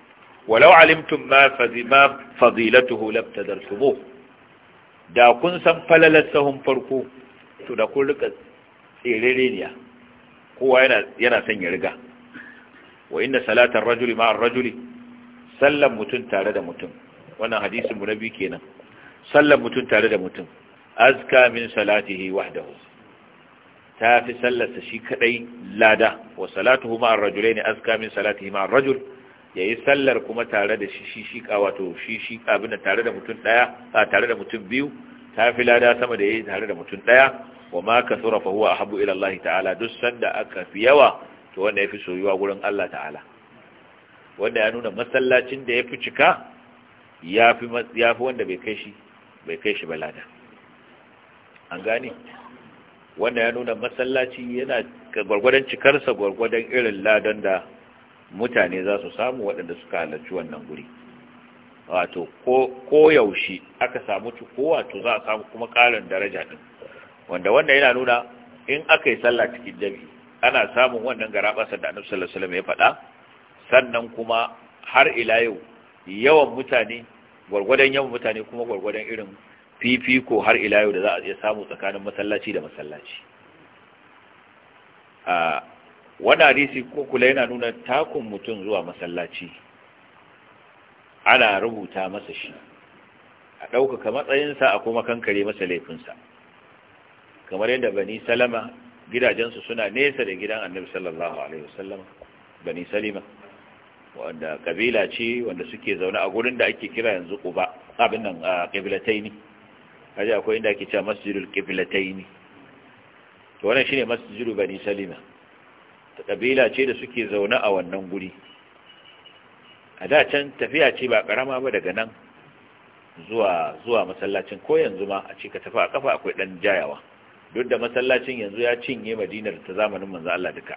walau alimtum ma fazima fadilatuhu labtadartumu da kun san falalar sahun farko to da kun rika tserereniya kowa yana yana son ya riga wa inna salatar rajuli ma'ar rajuli sallan mutum tare da mutum wannan hadisin mu na biyu kenan sallan mutum tare da mutum azka min salatihi wahdahu ta fi sallarsa shi kadai lada wa salatuhu ma'ar rajuli ne azka min salatihi ma'ar rajul yayi sallar kuma tare da shi shi shi wato shi shi abin tare da mutum daya a tare da mutum biyu ta fi lada sama da yayi tare da mutum daya wa ma kasura fa huwa ahabbu ila Allah ta'ala duk sanda aka fi yawa to wanda ya fi soyuwa gurin Allah ta'ala wanda ya nuna masallacin da ya fi cika ya fi wanda bai kai shi bai kai shi balada an gane wanda ya nuna masallaci yana gwargwadon cikarsa gwargwadon irin ladan da mutane za su samu waɗanda suka halarci wannan guri wato ko yaushe aka samu ko wato za a samu kuma ƙarin daraja ɗin wanda wannan yana nuna in aka yi sallah cikin jami'i ana samun wannan garabasar da annabi sallallahu alaihi ya faɗa sannan kuma har ila yau yawan mutane gwargwadon yawan mutane kuma gwargwadon irin fifiko har ila yau da za a iya samu tsakanin masallaci da masallaci a wani hadisi ko kula yana nuna takun mutum zuwa masallaci ana rubuta masa shi a ɗaukaka matsayinsa a kuma kankare masa laifinsa kamar yadda bani salama gidajensu suna nesa da gidan annabi sallallahu alaihi wasallam bani salima wanda kabila ce wanda suke zaune a gurin da ake kira yanzu quba abin nan qiblataini kaje akwai inda ake cewa masjidul qiblataini to wannan shine masjidul bani salima ta kabila ce da suke zaune a wannan guri a da can tafiya ce ba karama ba daga nan zuwa zuwa masallacin ko yanzu ma a ce ka tafi a kafa akwai dan jayawa duk da masallacin yanzu ya cinye madinar ta zamanin manzo Allah duka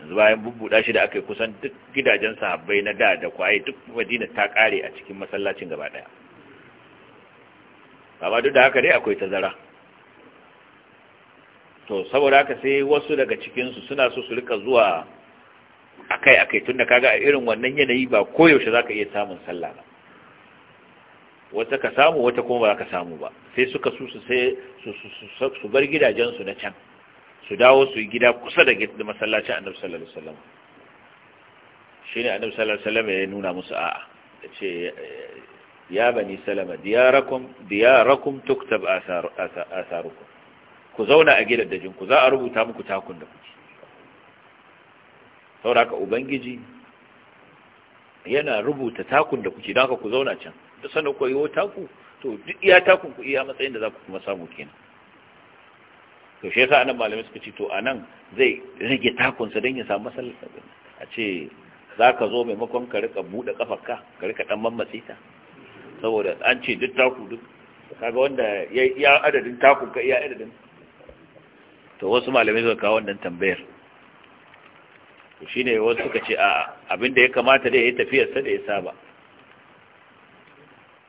yanzu bayan bubbuda shi da aka yi kusan duk gidajen sahabbai na da da kwaye duk madina ta kare a cikin masallacin gaba daya amma duk da haka dai akwai tazara to saboda haka sai wasu daga cikinsu suna so su rika zuwa akai akai tunda kaga a irin wannan yanayi ba koyaushe zaka iya samun sallah ba wata ka samu wata kuma ba ka samu ba sai suka su su sai su bar gidajensu na can su dawo su gida kusa da masallacin annabi sallallahu alaihi wasallam shine annabi sallallahu alaihi wasallam ya nuna musu a'a ce eh, ya bani salama diyarakum diyarakum tuktab asarukum ku zauna a dajin ku za a rubuta muku takun da kuke saboda ka ubangiji yana rubuta takun da kuke don haka ku zauna can da sanar koyo taku to duk iya ta ku iya matsayin da za ku kuma samu kenan to shi yasa anan malamai suka ce to anan zai rage takunsa don ya samu masallaci a ce za ka zo maimakon ka rika buɗe kafarka ka rika ɗan mammatse ta saboda an ce duk taku duk kaga wanda ya iya adadin takun ka iya adadin to wasu malamai suka kawo wannan tambayar to shine wasu suka ce a abinda ya kamata da ya yi tafiyarsa da ya saba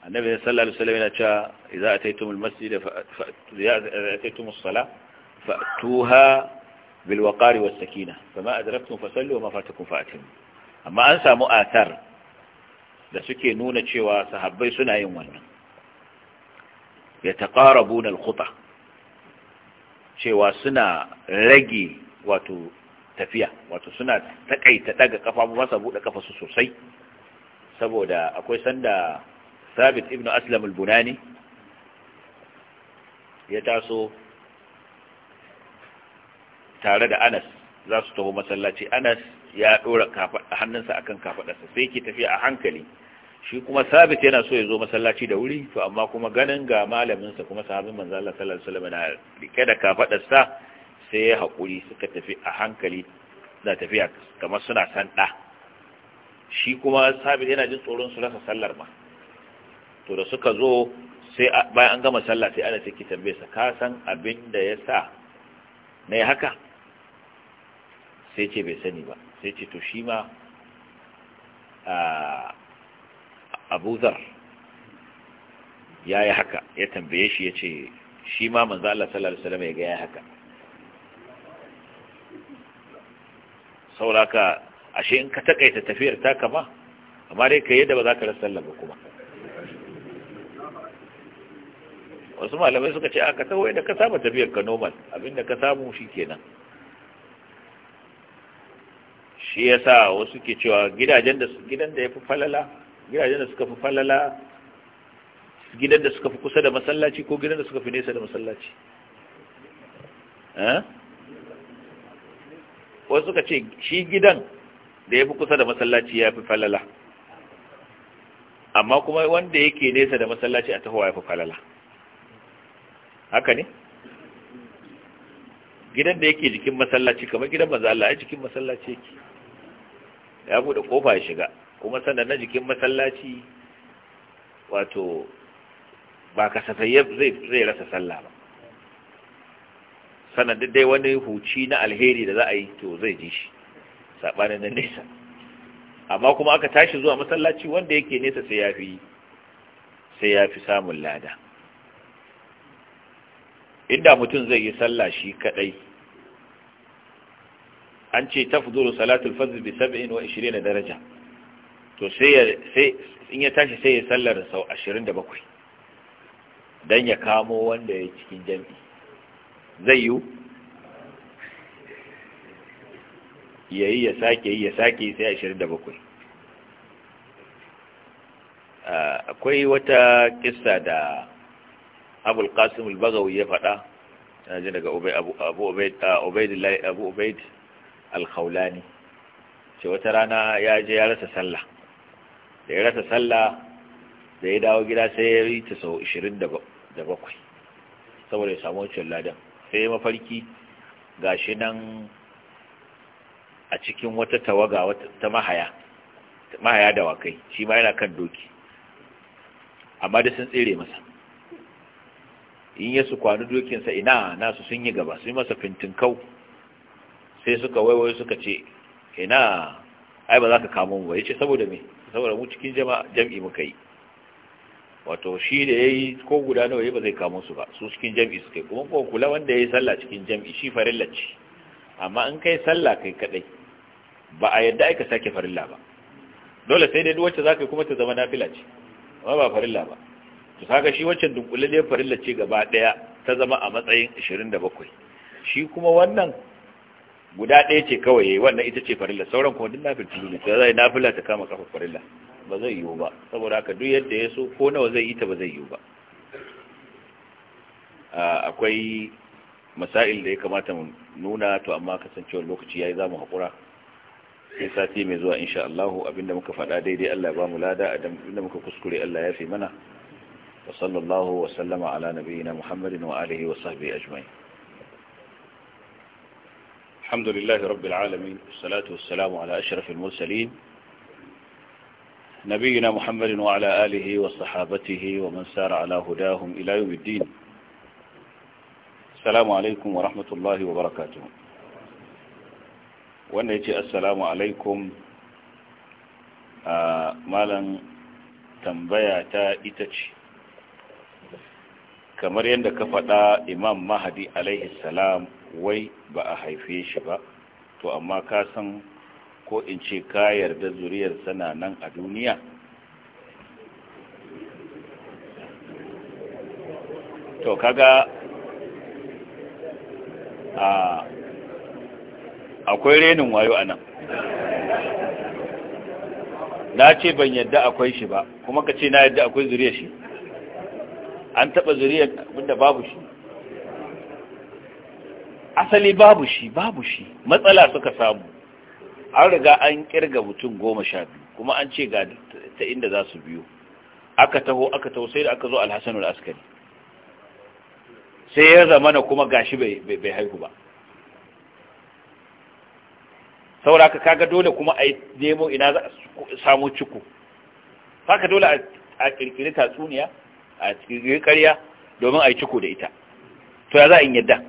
annabi sallallahu alaihi wasallam yana cewa idza ataytum almasjid fa ataytum as-salah fa'tuha bil waqari was sakina fama adraktum fasallu wama fatakum fa'timu amma an samu athar da suke nuna cewa sahabbai suna yin wannan yataqarabuna al-khuta cewa suna rage wato tafiya wato suna takaita daga kafa masa bude kafa su sosai saboda akwai sanda sabit ibn aslam al-bunani ya taso tare da anas za su taho masallaci anas ya ɗora hannunsa akan kafaɗarsa sai ke a hankali shi kuma sabit yana so ya zo masallaci da wuri to amma kuma ganin ga malaminsa kuma sahabin manzo Allah sallallahu alaihi wasallam na rike da kafaɗarsa, sai ya hakuri suka tafi a hankali da tafiya kamar suna sanda shi kuma sabit yana jin tsoron su rasa sallar ma to da suka zo sai bayan an gama sallah sai ana take tambaye sa ka san abin da ya sa na yi haka sai ce bai sani ba sai ce to shi ma abuzar ya yi haka ya tambaye shi ya ce shi ma manzo Allah sallallahu alaihi wasallam ya ga ya haka sauraka ashe in ka takaita tafiyar ka ma amma dai kai yadda ba za ka rasa sallah ba kuma wasu malamai suka ce aka kawai da ka saba tafiyar ka normal abinda ka samu shi kenan shi ya sa wasu ke cewa gidajen da gidan da ya fi falala gidajen da suka fi falala gidan da suka fi kusa da masallaci ko gidan da suka fi nesa da masallaci eh? wasu suka ce shi gidan da ya fi kusa da masallaci ya fi falala amma kuma wanda yake nesa da masallaci a tahowa ya fi falala haka ne gidan da yake jikin masallaci kamar gidan manzo Allah ya jikin masallaci yake ya bude kofa ya shiga kuma sannan na jikin masallaci wato ba kasafai zai zai rasa sallah ba sannan da dai wani huci na alheri da za a yi to zai ji shi sabanin na nesa amma kuma aka tashi zuwa masallaci wanda yake nesa sai ya fi sai ya fi samun lada inda mutum zai yi sallah shi kadai an ce tafdhuru salatul fajr bi 27 daraja to sai sai in ya tashi sai ya sallar sau 27 dan ya kamo wanda ya cikin jami'i zai yi yayi ya sake yi ya sake sai 27 ah, akwai wata kissa da abul qasim al-bagawi ya faɗa yana ji daga abu obaid al-khawlani ce wata rana ya je ya rasa sallah da ya rasa sallah da ya dawo gida sai ya yi ta sau 27 saboda ya samu wancan ladan sai mafarki gashi nan a cikin wata tawaga ta mahaya mahaya da wakai shi ma yana kan doki amma da sun tsere masa in ya su kwani dokinsa ina na su sun yi gaba sun masa fintinkau sai suka waiwai suka ce ina ai ba za ka kamo mu ba ya ce saboda me saboda mu cikin jam'i muka yi wato shi da ya yi ko guda nawa ba zai kamo su ba su cikin jam'i suka yi kuma ko kula wanda ya yi sallah cikin jam'i shi farilla ce amma in kai sallah kai kadai ba a yadda aika sake farilla ba dole sai dai wacce za ka yi kuma ta zama nafila ce amma ba farilla ba to kaga shi waccan ne farilla ce gaba daya ta zama a matsayin 27 shi kuma wannan guda ɗaya ce kawai yayi wannan ita ce farilla sauran kuma duk nafilu ne sai zai nafila ta kama kafa farilla ba zai yiwu ba saboda haka duk yadda ya so ko nawa zai yi ta ba zai yiwu ba akwai masail da ya kamata mu nuna to amma kasancewar lokaci yayi zamu hakura sai sati mai zuwa insha Allah abinda muka faɗa daidai Allah ya ba mu lada abinda muka kuskure Allah ya fi mana وصلى الله وسلم على نبينا محمد وآله وصحبه أجمعين الحمد لله رب العالمين والصلاة والسلام على أشرف المرسلين نبينا محمد وعلى آله وصحابته ومن سار على هداهم إلى يوم الدين السلام عليكم ورحمة الله وبركاته wannan السلام عليكم assalamu آه، مالا a malan kamar yadda ka faɗa imam mahadi alaihi salam wai ba a haife shi ba to amma ka san ko in ce ka yarda zuriyar sana nan a duniya to kaga a akwai renin wayo anan na ce ban yadda akwai shi ba kuma ka ce na yadda akwai zuriyar shi an taɓa zuriyar abinda babu shi asali babu shi babu shi matsala suka samu an riga an kirga mutum goma sha biyu kuma an ce ga ta inda za su biyo aka taho aka taho sai da aka zo alhassan al'askari sai ya zamana kuma gashi bai haihu ba saboda ka kaga dole kuma a yi nemo ina za a samu ciku haka dole a kirkiri tatsuniya a cikin ƙarya domin a yi ciko da ita to ya za yi yadda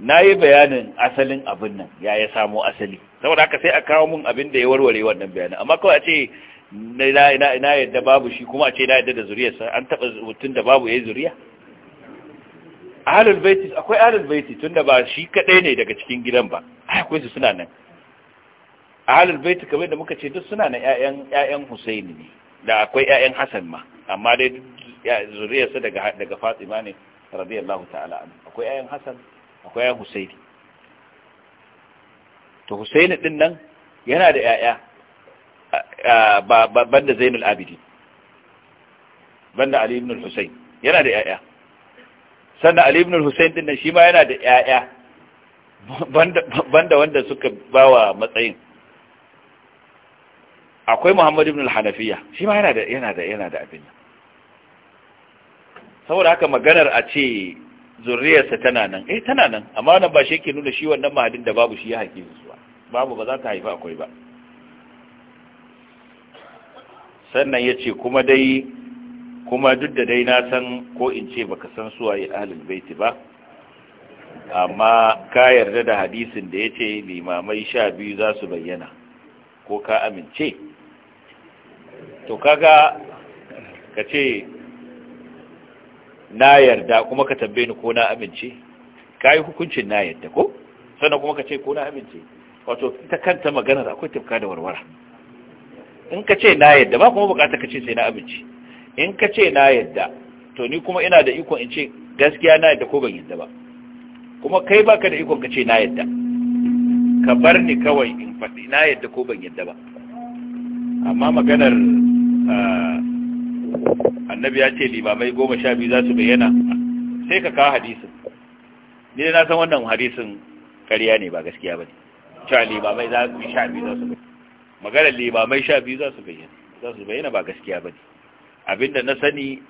na yi bayanin asalin abin nan ya yi samo asali saboda haka sai a kawo mun abin da ya warware wannan bayanin amma kawai a ce na yadda babu shi kuma a ce na yadda da zuriyarsa an taɓa mutum da babu ya yi zuriya ahalul baiti akwai ahalul baiti tunda ba shi kaɗai ne daga cikin gidan ba akwai su suna nan ahalul baiti kamar da muka ce duk suna nan 'ya'yan Husaini ne da akwai ƴaƴan Hassan ma amma dai zuriyarsa daga daga Fatima ne radiyallahu ta'ala anhu akwai ƴaƴan Hassan akwai ƴaƴan Husaini to Husaini din nan yana da ƴaƴa ba banda Zainul Abidin banda Ali ibn al-Husayn yana da ƴaƴa sannan Ali ibn al-Husayn din nan shi ma yana da ƴaƴa banda wanda suka bawa matsayin akwai muhammadu ibn al-Hanafiya shi ma yana da yana da abin saboda haka maganar a ce zurriyarsa tana nan eh tana nan amma wannan ba shi yake nuna shi wannan mahadin da babu shi ya haife su ba babu ba za ta haifa akwai ba sannan ya ce kuma dai kuma duk da dai na san ko in ce baka san suwa yi ahalin baiti ba amma ka yarda da hadisin da ya ce limamai sha biyu za su bayyana ko ka amince to kaga ka ce na yarda kuma ka tambe ni ko na amince ka yi hukuncin na yarda ko sannan kuma ka ce ko na amince wato ita kanta maganar akwai tafka da warwara in ka ce na yarda ba kuma bukata ka ce sai na amince in ka ce na yarda to ni kuma ina da ikon in ce gaskiya na yarda ko ban yarda ba kuma kai baka da ikon ka ce na yarda ka bar ni kawai in faɗi na yarda ko ban yarda ba amma maganar Ah, annabi ya ce limamai goma sha biyu za su bayyana sai ka kawo hadisin ni na san wannan hadisin ƙarya ne ba gaskiya ba ne cewa limamai za su sha biyu za su bayyana maganar limamai sha biyu za su bayyana za su bayyana ba gaskiya ba ne abinda na sani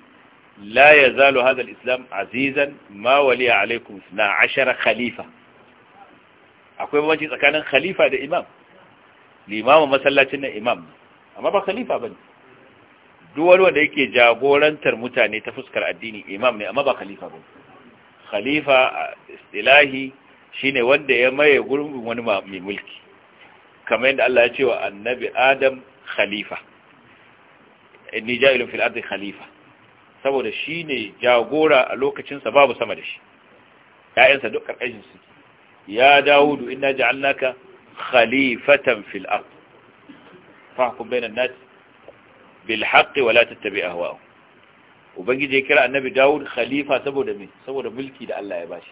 la ya zalo hadal islam azizan ma waliya alaikum na ashara khalifa akwai bambanci tsakanin khalifa da imam limamin masallacin na imam amma ba khalifa ba ne duk wani wanda yake jagorantar mutane ta fuskar addini imam ne amma ba khalifa ba khalifa istilahi shine wanda ya maye gurbin wani mai mulki kamar yadda Allah ya ce wa annabi Adam khalifa inni ja'ilun fil ardi khalifa saboda shine jagora a lokacin sa babu sama da shi ƴaƴansa duk karkashin su ya daudu inna ja'alnaka khalifatan fil ard fahkum bainan nas bil wa la tattabi hawa ubangiji ya kira annabi Dawud khalifa saboda me saboda mulki da Allah ya bashi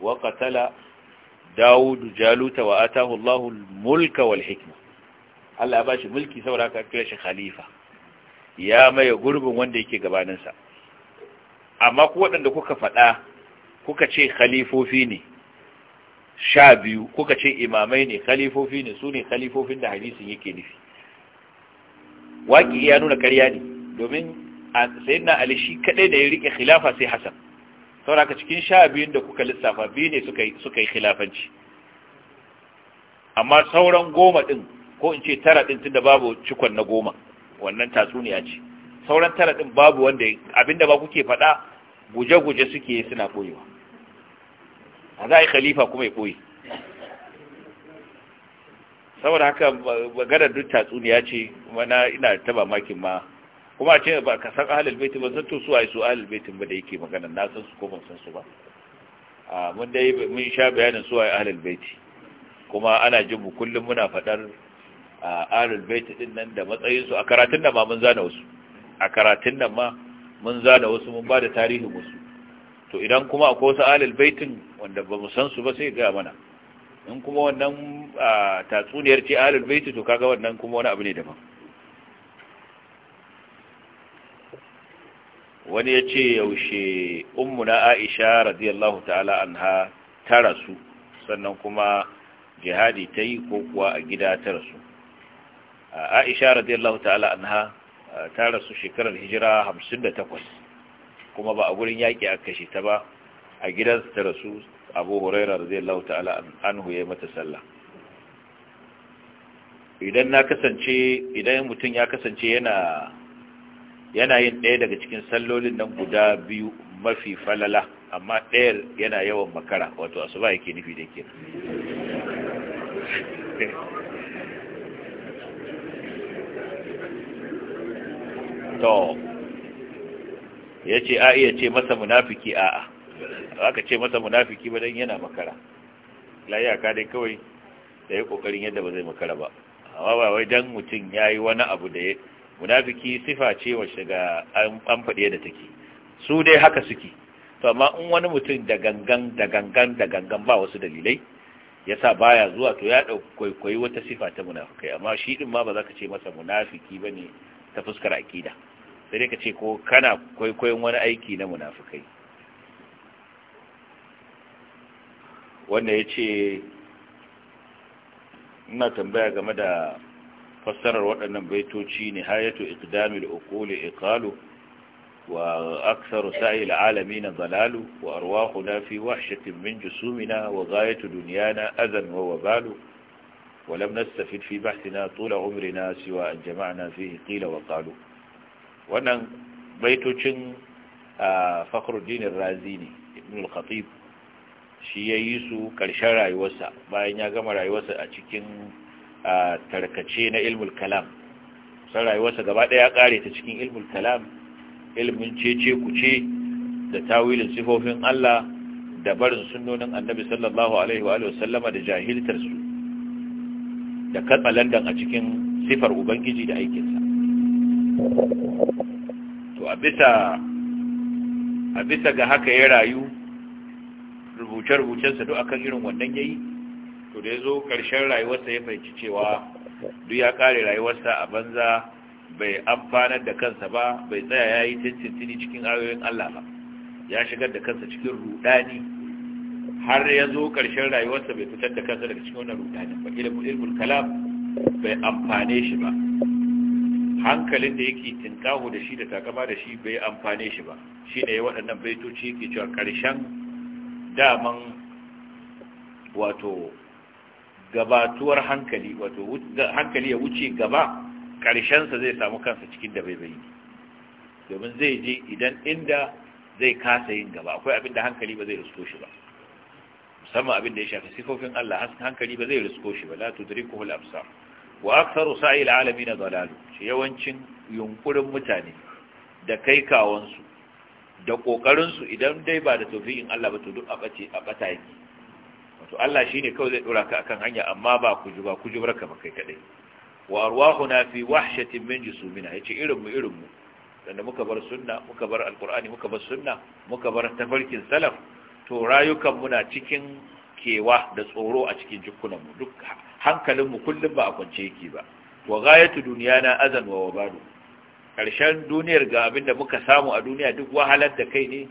wa qatala Dawud Jaluta wa atahu Allahu mulka wal hikma Allah ya bashi mulki saboda haka kira shi khalifa ya maye gurbin wanda yake gabanin sa amma ku waɗanda kuka faɗa kuka ce khalifofi ne sha biyu kuka ce imamai ne khalifofi ne su ne khalifofin da hadisin yake nufi waƙi ya nuna ƙarya ne domin a sayyidina ali shi kaɗai da ya riƙe khilafa sai hasan saboda cikin sha biyun da kuka lissafa biyu ne suka suka yi khilafanci amma sauran goma din ko in ce tara din tunda babu cikon na goma wannan tatsuniya ce sauran tara din babu wanda abinda ba kuke faɗa guje-guje suke suna koyewa a za a yi khalifa kuma ya koyi saboda haka maganar duk tatsuniya ce wana ina ta mamakin ma kuma a ce ba ka san ahalul baitin ba zan to su ai su ahalul baitin ba da yake magana na san su ko ban san su ba a mun dai mun sha bayanin su ai ahalul baiti kuma ana jin mu kullum muna fadar ahalul baiti din nan da matsayin su a karatun nan ma mun zana wasu a karatun nan ma mun zana wasu mun ba da tarihin wasu to idan kuma akwai wasu ahalul baitin wanda ba mu san su ba sai ga mana in kuma wannan tatsuniyar ce ahlul baiti to kaga wannan kuma wani abu ne daban wani ya ce yaushe ummuna aisha radiyallahu ta'ala anha ta rasu sannan kuma jihadi ta yi ko kuwa a gida ta rasu aisha radiyallahu ta'ala anha ta rasu shekarar hijira 58 kuma ba a gurin yaƙi a kashe ta ba a gidansu ta rasu abu huraira radiyallahu ta'ala anhu ya mata sallah idan na kasance idan mutum ya kasance yana yana yin ɗaya daga cikin sallolin nan guda biyu mafi falala amma ɗayar yana yawan makara wato asuba yake nufi da to ya ce a iya ce masa munafiki a'a aka ce masa munafiki ba dan yana makara layi aka dai kawai da ya kokarin yadda ba zai makara ba amma ba wai dan mutum yayi wani abu da ya munafiki sifa ce wa shiga an faɗi yadda take su dai haka suke to amma in wani mutum da gangan da gangan da gangan ba wasu dalilai yasa baya zuwa to ya kwaikwayi wata sifa ta munafiki amma shi din ma ba za ka ce masa munafiki bane ta fuskar akida sai dai ka ce ko kana kwaikwayon wani aiki na munafikai wanda ya ce ina tambaya game da fassarar waɗannan baitoci ne hayatu iqdamil uquli iqalu wa aktharu sa'il na zalalu wa arwahuna fi wahshatin min jusumina wa ghayatu dunyana azan wa wabalu ولم نستفد في بحثنا طول عمرنا سوى أن جمعنا فيه wa وقالوا wannan baitocin ah, fakhruddin razi ne ibn al-khatib shi ya yi su ƙarshen rayuwarsa bayan ya gama rayuwarsa a cikin tarkace na ilmul kalam san rayuwarsa gaba ɗaya ya ƙare ta cikin ilmul kalam ilmin cece kuce da tawilin sifofin Allah da barin sunnonin annabi sallallahu alaihi wa sallama da jahiltarsu da katsalandan a cikin sifar ubangiji da aikinsa to a bisa ga haka ya rayu rubuce-rubucensa duk akan irin wannan yayi to da ya zo ƙarshen rayuwarsa ya fahimci cewa duk ya ƙare rayuwarsa a banza bai amfanar da kansa ba bai tsaya ya yi tintintini cikin ayoyin Allah ba ya shigar da kansa cikin rudani har ya zo ƙarshen rayuwarsa bai fitar da kansa daga cikin wannan rudanin ba ilmul kalam bai amfane shi ba hankalin da yake tinkahu da shi da takama da shi bai amfane shi ba shine waɗannan baitoci yake cewa ƙarshen daman wato gabatuwar hankali wato hankali ya wuce gaba ƙarshensa zai samu kansa cikin da bai bai domin zai je idan inda zai kasa yin gaba akwai abin da hankali ba zai risko shi ba musamman abin da ya shafi sifofin Allah hankali ba zai risko shi ba la tudriku al absar wa aktharu sa'i al alamin dalalu shi yawancin yunkurin mutane da kai kawansu da ƙoƙarinsu idan dai ba da in Allah ba to duk a ɓata yake wato Allah shi ne kawai zai ɗora ka akan hanya amma ba ku ji ba ku ji barka ba kai kaɗai wa arwahuna fi wahshatin min jusumina yace irin mu irin mu dan muka bar sunna muka bar alqur'ani muka bar sunna muka bar tafarkin salaf to rayukan muna cikin kewa da tsoro a cikin jikunan mu duk hankalin mu kullum ba a kwance yake ba wa ghayatu dunyana azan wa Wabadu. Karshen duniyar ga abin da muka samu a duniya duk wahalar da kai ne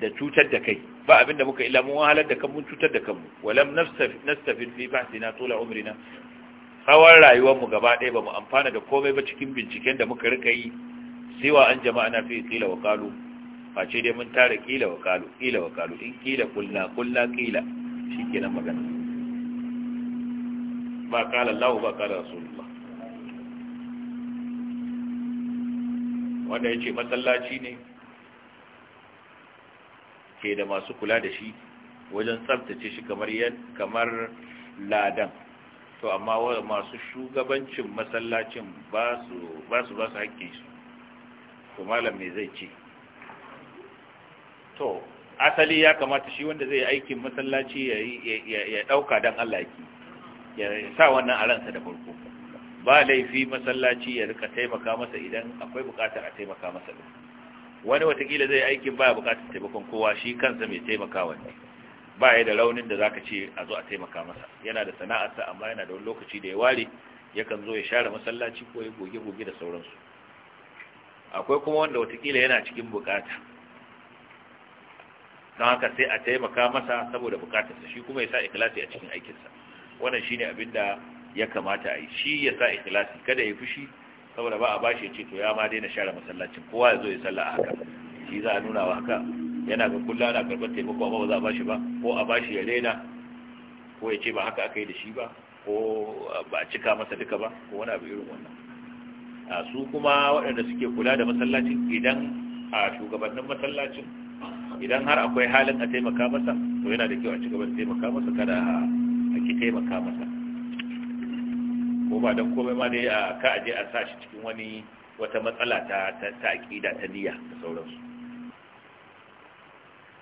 da cutar da kai ba abin da muka ilamun wahalar da kanmu cutar da kanmu walam nastafin fi bahsina tula umrina tsawon rayuwarmu gaba ɗaya ba mu amfana da komai ba cikin binciken da muka rika yi siwa an jama'a na fi kila wa kalu ce dai mun tara kila wa kalu kila wa kalu in kila kulla kulla kila shi kenan magana ba kala Allah ba kala Rasul wanda ya ce masallaci ne ke da masu kula da shi wajen tsabtace shi kamar ladan to amma masu shugabancin masallacin ba su ba su haƙƙi su to malam me zai ce to asali ya kamata shi wanda zai aikin masallaci ya ɗauka don Allah ya sa wannan a ransa da farko ba laifi masallaci ya rika taimaka masa idan akwai bukatar a taimaka masa ba. wani watakila zai aikin baya bukatar taimakon kowa shi kansa mai taimakawa ne ba ya da raunin da zaka ce a zo a taimaka masa yana da sana'arsa amma yana da wani lokaci da ya ware yakan zo ya share masallaci ko ya goge-goge da sauransu akwai kuma wanda watakila yana cikin bukata don haka sai a taimaka masa saboda bukatarsa shi kuma ya sa ikilasi a cikin aikinsa wannan shine abin da ya kamata a yi shi ya sa ikhlasi kada ya fushi saboda ba a bashi ya ce to ya ma daina share masallacin kowa ya zo ya sallah a haka shi za a nuna wa haka yana ga kullum na karɓar taimako amma ba za a bashi ba ko a bashi ya daina ko ya ce ba haka aka yi da shi ba ko ba a cika masa duka ba ko wani abu irin wannan a su kuma waɗanda suke kula da masallacin idan a shugabannin masallacin idan har akwai halin a taimaka masa to yana da kyau a cigaba gaba da taimaka masa kada a ki taimaka masa ko ba don komai ma dai ya ka aje a sa shi cikin wani wata matsala ta ta aƙida ta niyya da sauransu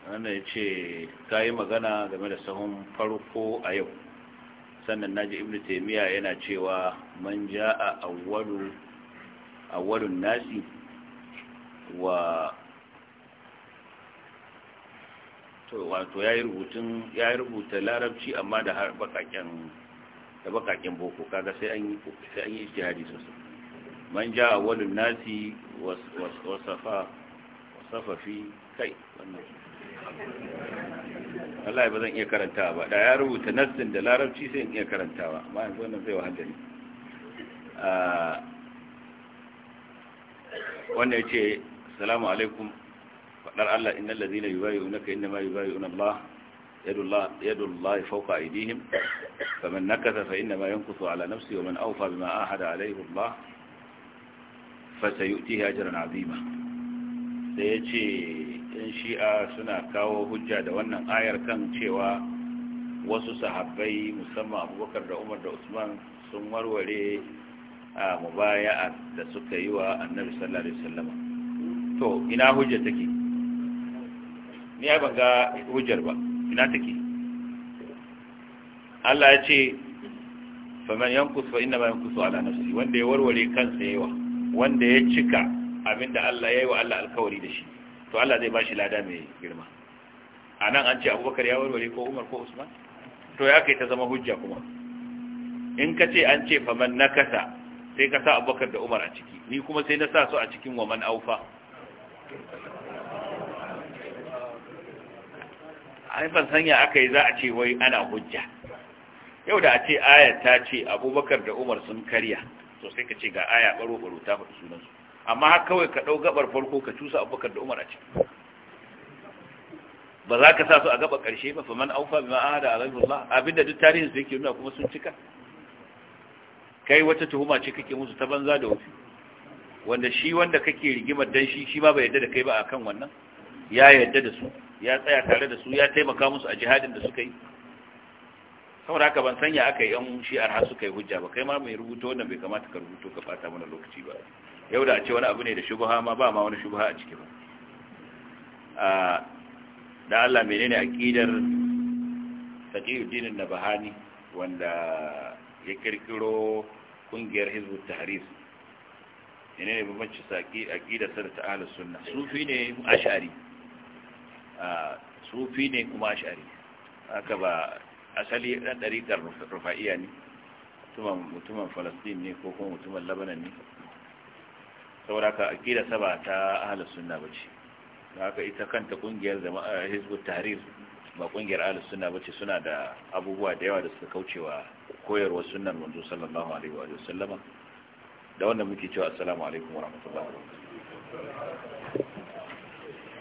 wannan ya ce ka yi magana game da sahun farko a yau sannan naji ibn taymiya yana cewa man jaa awwalu awwalun nasi wa to wato yayi rubutun yayi rubuta larabci amma da har bakakken da bakakin boko kaga sai an yi sai an yi sosai man ja awwalun nasi wasafa wasafa fi kai wannan wallahi ba zan iya karantawa ba da ya rubuta nassin da larabci sai in iya karantawa amma yanzu wannan zai wahala ne ah, wannan yace assalamu alaikum fadar Allah innal ladina yubayyi'unaka innama yubayyi'una Allah fawqa aydihim فمن نكث فإنما ينكث على نفسه ومن أوفى بما آهد عليه الله فسيؤتيه أجرا عظيما سيأتي إن شيئا سنة كاو هجة دوانا آير كان شوا wasu sahabbai musamman abubakar da umar da usman sun warware a mubaya'a da suka yi wa annabi sallallahu alaihi wasallam to ina hujja take ni ai banga hujjar ba ina take Allah ya ce faman yankus fa inna ma yankus ala nafsi wanda ya warware kansa yawa wanda ya cika abinda Allah yayi wa Allah alkawari da shi to Allah zai bashi lada mai girma anan an ce Abubakar ya warware ko Umar ko Usman to ya kai ta zama hujja kuma in ka ce an ce faman nakasa sai ka sa Abubakar da Umar a ciki ni kuma sai na sa su a cikin wa man aufa ai ban sanya aka yi za a ce wai ana hujja yau da a ce ayar ta ce abubakar da umar sun karya to sai ka ce ga aya baro baro ta faɗi sunansu amma har kawai ka ɗau gabar farko ka cusa abubakar da umar a ciki ba za ka sa su a gaba ƙarshe ba fa man aufa bima ahada alaihullah abinda duk tarihi su yake nuna kuma sun cika kai wata tuhuma ce kake musu ta banza da wufi wanda shi wanda kake rigimar dan shi shi ma bai yarda da kai ba akan wannan ya yarda da su ya tsaya tare da su ya taimaka musu a jihadin da suka yi saboda haka ban sanya aka yan shi'ar har suka yi hujja ba kai ma mai rubuto wannan bai kamata ka rubuto ka fata mana lokaci ba yau da a ce wani abu ne da shubha ma ba ma wani shubha a ciki ba da Allah menene aqidar taqiyuddin nabahani wanda ya kirkiro kungiyar hizbut tahrir menene bambanci saki aqidar sa ta ahlus sunna sufi ne ash'ari sufi ne kuma ash'ari haka ba asali ɗan ɗarikar rufa'iya ne mutumin falastin ne ko kuma mutumin labanan ne sauraka akida saba ta ahalar sunna ba ce da haka ita kanta kungiyar jama'a hizbut tahrir ba kungiyar ahalar sunna ba ce suna da abubuwa da yawa da suka kaucewa koyarwar sunan manzo sallallahu alaihi wa sallama da wanda muke cewa assalamu alaikum wa rahmatullahi wa barakatuh